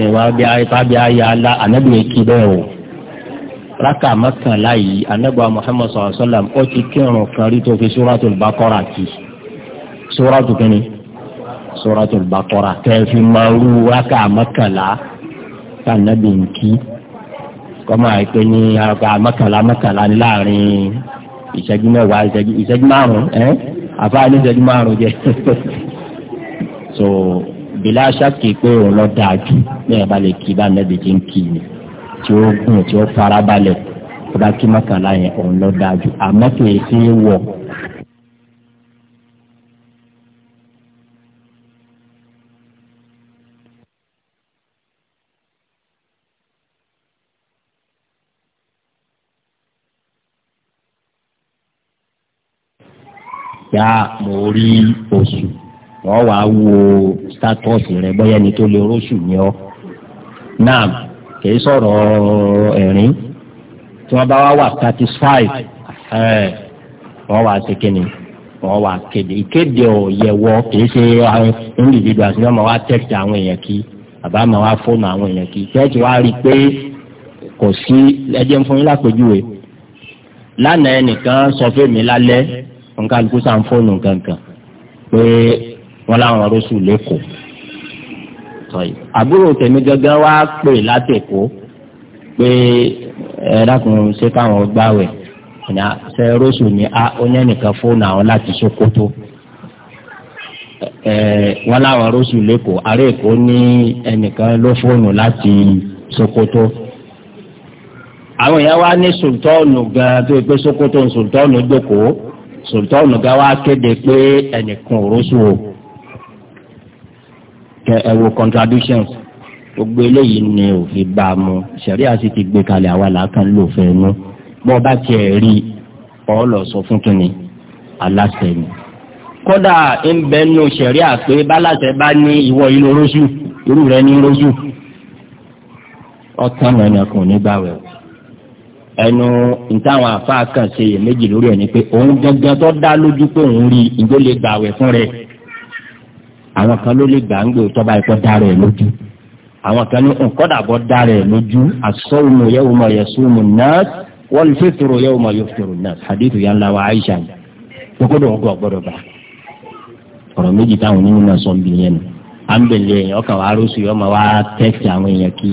ìwà ìfàbí ayé alá ànábì èkì bẹ́ẹ̀ o rákà mọ́kànlá yìí ànábì Muhammad sallallahu alaihi wasallam ó ti kírun kan rí tó fi suratul Baqara kì suratu kínní suratul Baqara kẹfì máa rú rákà mọ́kànlá tànábì èkì kọ́mọ́ àìpé ní rákà mọ́kànlá mọ́kànlá ní láàrin ìṣẹ́jú mẹ́wàá ìṣẹ́jú márùn-ún ẹ́ àfáà ní ìṣẹ́jú márùn-ún jẹ́ so bìlá ṣáàkì pé òun lọ dáa jù ní ẹ̀ bá lè kí bá nẹ́bi tí ń kí ni tí ó gùn tí ó farabalẹ̀ tó bá kí mọ́kànlá yẹn òun lọ dáa jù àmọ́ kì í sí wọ̀ Ya ah, mo rí oṣù wọ́n wá wo status rẹ bóyá ẹni tó lè róṣù ni ọ́ náà kìí sọ̀rọ̀ ẹ̀rín tí wọ́n bá wá wà satisfied wọ́n wá ṣe ni. wọ́n wá kéde ìkéde ọ̀yẹ̀wọ́ kìí ṣe àwọn individuals ní ọmọ text àwọn èèyàn kí àbá máa wá fóònù àwọn èèyàn kí tẹ́tí wá rí i pé kò sí ẹjẹ́ fún yín lápèjúwe lánàá ẹnìkan sọ fún mi lálẹ́ nǹkan àlùkò sàn fóònù kankan pé wọn làwọn rọṣù lẹkọọ àbúrò tèmi gángan wá pè látẹkọ pé ẹ dákun ṣé káwọn gbáwẹ ṣe rọṣù ni a onẹnìkan fóònù àwọn láti Sokoto ẹ wọn làwọn rọṣù lẹkọọ ààrẹ èkó ní ẹnìkan ló fóònù láti Sokoto àwọn èèyàn wá ní sultanu gan tó yẹ pé Sokoto sultanu jókòó sultan ga wa kéde pé ẹnìkan ò rọ́ṣù o kẹ ẹ wo contradictions gbogbo eléyìí ni òfin bá a mu sẹ̀ríà sì ti gbé kalẹ̀ àwa làákàn ló fẹ́ nu bọ́ bá tiẹ̀ rí ọ lọ sọ fún kínní aláṣẹ ni kódà ń bẹ nu sẹ̀ríà pé báláṣẹ bá ní ìwọ inú rọ́ṣù irú rẹ ní rọ́ṣù ọ̀tàn ẹnìkan ò ní gbàwẹ̀ o. ẹnu ntáwọn afa kan ṣe yẹ méjì lórí ẹni pé òun gangan tó dá lójú pé òun rí njó lè gbà wẹ̀ fún rẹ̀ àwọn kan ló lè gbà ń gbò tọ́ba ẹ̀kọ́ dá rẹ̀ lójú àwọn kan ní nkọ́dàbọ̀ dá lójú wa Aisha ni gbogbo bá ọ̀rọ̀ méjì táwọn onímọ̀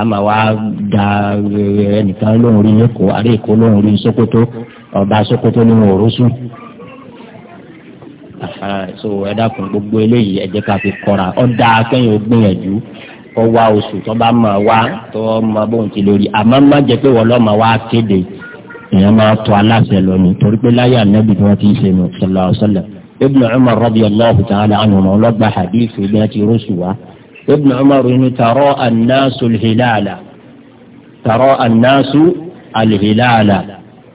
àmà wa da e, ẹnìkan lóhùn rí lẹkọọ àrí èkó lóhùn rí sokoto ọba sokoto ní wọn so ẹ dákun gbogbo eléyìí ẹ jẹ́ ká fi kọ́ra ọ dáa kẹ́yìn ó gbìyànjú kọ wá oṣù tó bá mọ wá tó mọ bóun ti lórí àmọ́ má jẹ́ pé wọ́n lọ mọ wá kéde èèyàn máa tọ aláṣẹ lónìí torí pé láyé ànábì tí wọ́n ti ṣe nù sallallahu alaihi wasallam Ibn Umar radiyallahu ta'ala anhu ọlọgbà hadith bí wọ́n ti rọṣù wá ibn umar ni tàrọ annasu alhilala tàrọ annasu alhilala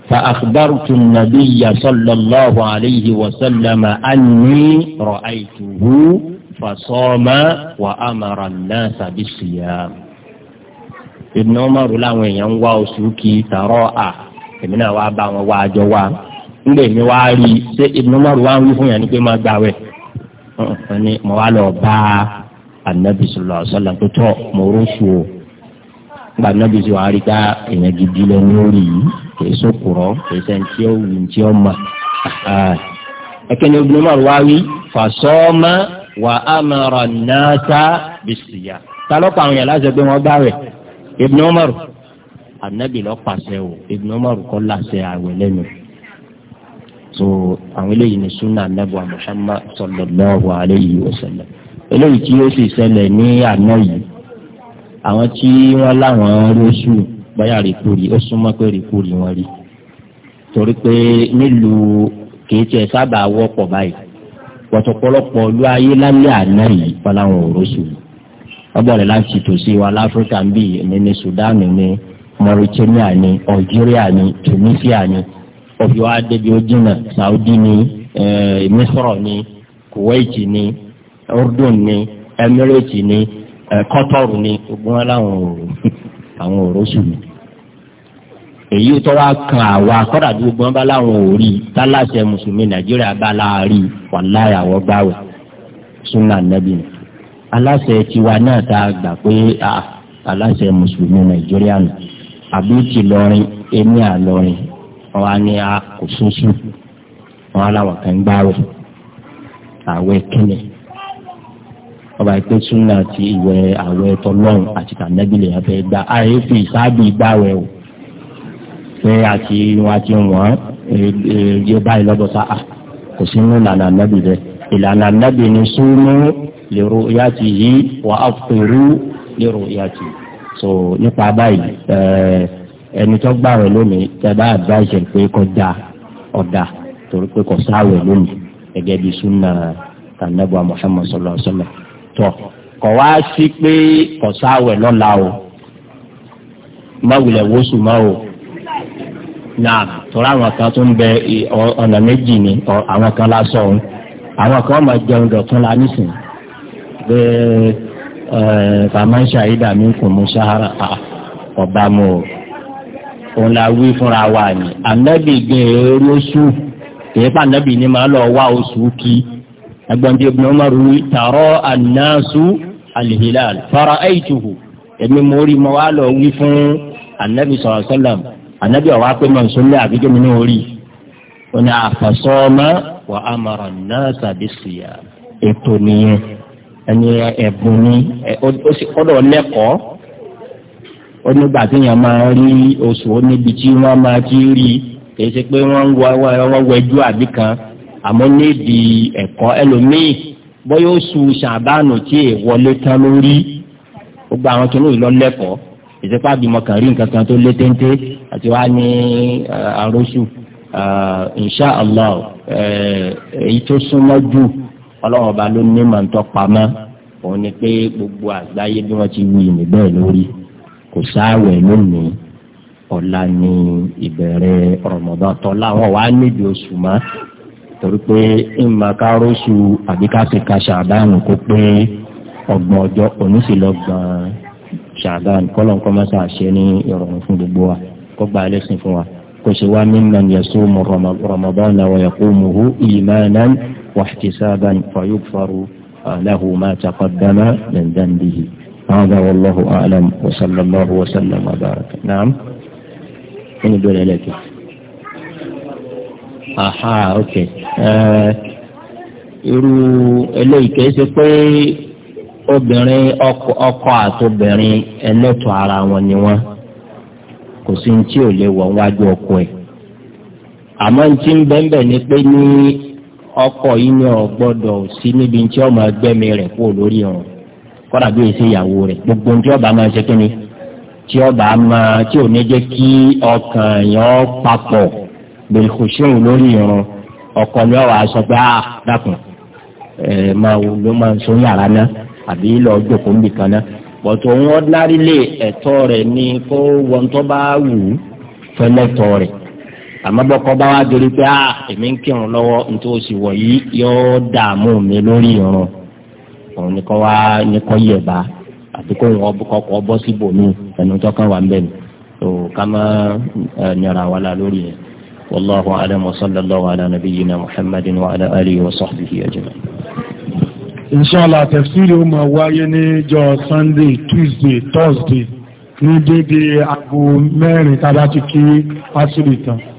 فأخبرت النبي صلى الله عليه وسلم أني رأيته فصام وأمر الناس بالصيام ابن عمر láwọn èèyàn ń wá oṣù kí tààrọ à èmi náà wàá bá wọn wá àjọ wá ńgbè mi wá rí i ṣé ibn Umar wá ń wí fún yàn ní pé má gbà wẹ̀ ọ̀ ní mo wá lọ bá a anabi sọlọ àṣọlá pé tọ́ mo rọ́ṣù o gba anabi sọ àríkà èèyàn gidi lọ ní orí yìí kìí sókùrọ̀ kìí sẹ́ni tí ó wù tí ó mà. Ah, ah. ẹ̀kẹ́ni obìnrin máa wá wí fàṣọ́mọ́ wà á máa rà náà tá bìsìyà ta àwọn yàrá ṣe pé wọ́n bá rẹ̀ Ibn Umar anabi lọ pàṣẹ o Ibn Umar kọ́ láṣẹ àwẹ̀ lẹ́nu so àwọn eléyìí ni sunna anabi wa Muhammad sallallahu alayhi wa sallam. eléyìí tí ó sì ṣẹlẹ̀ ní àná yìí àwọn tí wọ́n láwọn lóṣù báyà rìkúrì ó súnmọ́ pé rìkúrì wọn rí torí pé nílùú kìí tiẹ̀ sábà wọ́pọ̀ báyìí pọ̀tọ̀pọ̀lọpọ̀ ló ayé lálẹ́ àná yìí láti tòsí wa láfíríkà ní Sudan ní Mauritania ní Algeria ní Tunisia ní jìnnà Saudi ní eh, ní Kuwait Urdun ni emirati ni Qatar ni gbogbo wọn láwọn òru àwọn òru sùn èyí tó wá kan àwa kọ́dà tó gbọ́n bá láwọn òri tálàṣẹ mùsùlùmí Nàìjíríà bá láàárín àwọ̀ gbáwẹ̀ súnà nẹ́bí ni. aláṣẹ tiwa náà a gbà pé aláṣẹ mùsùlùmí Nàìjíríà nù àbí ti lọrin àlọrin wọn á ní a kò sóṣù wọn á láwọn ọba ìpè súnà ti ìwẹ̀ àwẹ̀ tọlọ́run àti tànẹ́bìlẹ̀ yẹn fẹ́ gba ààyè fi ìsáàbì gbàwẹ̀ o pé àti wọn àti wọn yé báyìí lọ́dọ̀ sá à kò sí ní ìlànà ànábì rẹ ìlànà ànábì ni súnmọ́ lérò yàtì yìí wà á fèrú lérò yàtì so nípa báyìí ẹni tó gbàwẹ̀ lónìí tẹ̀bá àdáṣe pé kọjá ọ̀dà torí pé kò sáwẹ̀ lónìí gẹ́gẹ́ bí súnà tànẹ́bù Muhammad sallallahu alaihi wasallam tọ̀ kọ̀ wá sí pé kọ̀sáwẹ̀ lọ́la o mọ̀wulẹ̀ wosù mọ́ o náà tọ́lá àwọn kan tó ń bẹ ọ̀nà méjì ni àwọn kan lásán o àwọn kan máa jẹun dọ̀tún la nísìnyí bẹ́ẹ̀ fàmáṣà ìdá mi kò mú sáárà ọba mu o òun la wí fúnra wa ni ànábì gbé e lóṣù èyí pa ànábì ni màá lọ wá oṣù kí ẹgbọ́njẹ ibn Umar wi tààrọ ànásù alhilal fara aituhu èmi mo rí mo wá lọ wí fún anabi sọlá sọlám anabi ọwọ akpé mọ nsọlẹ àbíké mi náà rí wọn ni àfàsọọmọ wà á mara nàásà bí sùyà ètò nìyẹn ẹni ẹbùn ni ọdọ lẹkọọ onígbà tí yẹn máa rí oṣù oníbi tí wọn máa ti rí kì í ṣe pé wọn wọ ẹjọ àbí kan àmọ́ níbi ẹ̀kọ́ ẹlòmíì bóyá oṣù ṣàbánù tí è wọlé tán lórí gbogbo àwọn tó lóyún lọ́lẹ́kọ̀ọ́ ìsèpá bímọ kàn rí nǹkan kan tó lé téńté àti wá ní eh, àròsù eh, insha allah eh, èyí tó súnmọ́ jù ọlọ́run ọba ló ní màǹtọ́ pamọ́ òun ni pé gbogbo àgbáyé bí wọ́n ti wí ní bẹ́ẹ̀ lórí kò sáàwẹ̀ lónìí ọ̀la ni ìbẹ̀rẹ̀ Ramadan tọ́lá wọn wá níbi oṣù mọ́ torí pé ìmọ̀ ká róṣù àbí ká fi ka ṣàbáàmù kó pé ọgbọ̀n ọjọ́ oníṣìlọ́gbọ̀n ṣàbáàmù kọ́lọ́nkọ́ máa ṣàṣẹ ní ìrọ̀rùn fún gbogbo wa kó gba ẹlẹ́sìn fún wa kó ṣe wá mimman yasumu Ramadana wa yaqumuhu imanan wa ihtisaban fayughfaru lahu ma taqaddama min dhanbihi. هذا والله أعلم وصلى الله وسلم وبارك نعم من دون إليك aha ok irú eléyìí kìí ṣe pé obìnrin ọkọ àtobìnrin ẹlẹ́tọ̀ ara wọn ni wọ́n kò sí ní tí ò lè wọ̀ wájú ọkọ ẹ̀ àmọ́ ní tí ń bẹ́ńbẹ́ ni pé ní ọkọ yìí ni ọ gbọ́dọ̀ sí níbi tí ọmọ ẹgbẹ́mi rẹ̀ kú lórí ọ̀hún gbogbo ní tí ọba máa ṣe kí ni tí ọba máa tí ò ní jẹ́ kí ọkàn yẹn papọ̀. bẹ̀lùkùsíwò lórí ìrun ọkọ ni ọwọ́ aṣọ pé a ah, dákun ẹ̀ máa wò ló máa ń sọ yàrá náà àbí lọ jókòó níbi kan náà bọ̀tọ̀ òun ọ̀dínárì ẹ̀tọ́ rẹ̀ ni kó wọn tó bá wù ú fẹ́lẹ́tọ̀ rẹ̀ àmọ́ bọ́kọ bá wá dorí pé a ah, èmi ń kírun lọ́wọ́ nítorí oṣù wọ̀nyí yóò dààmú mi lórí ìrun òun ni kọ́ wá ní kọ́ yẹ̀ bá àti kó wọn kọ́kọ́ bọ́ síbò ẹnu tó kàn ń bẹ̀ ni tó ká má nyàrá wa la lórí yẹn. والله أعلم وصلى الله على نبينا محمد وعلى آله وصحبه أجمعين inshallah tafsiri ó máa wáyé ní jọ́ sunday tuesday thursday ní dédé aago mẹ́rin tàbí àti kí asiri tán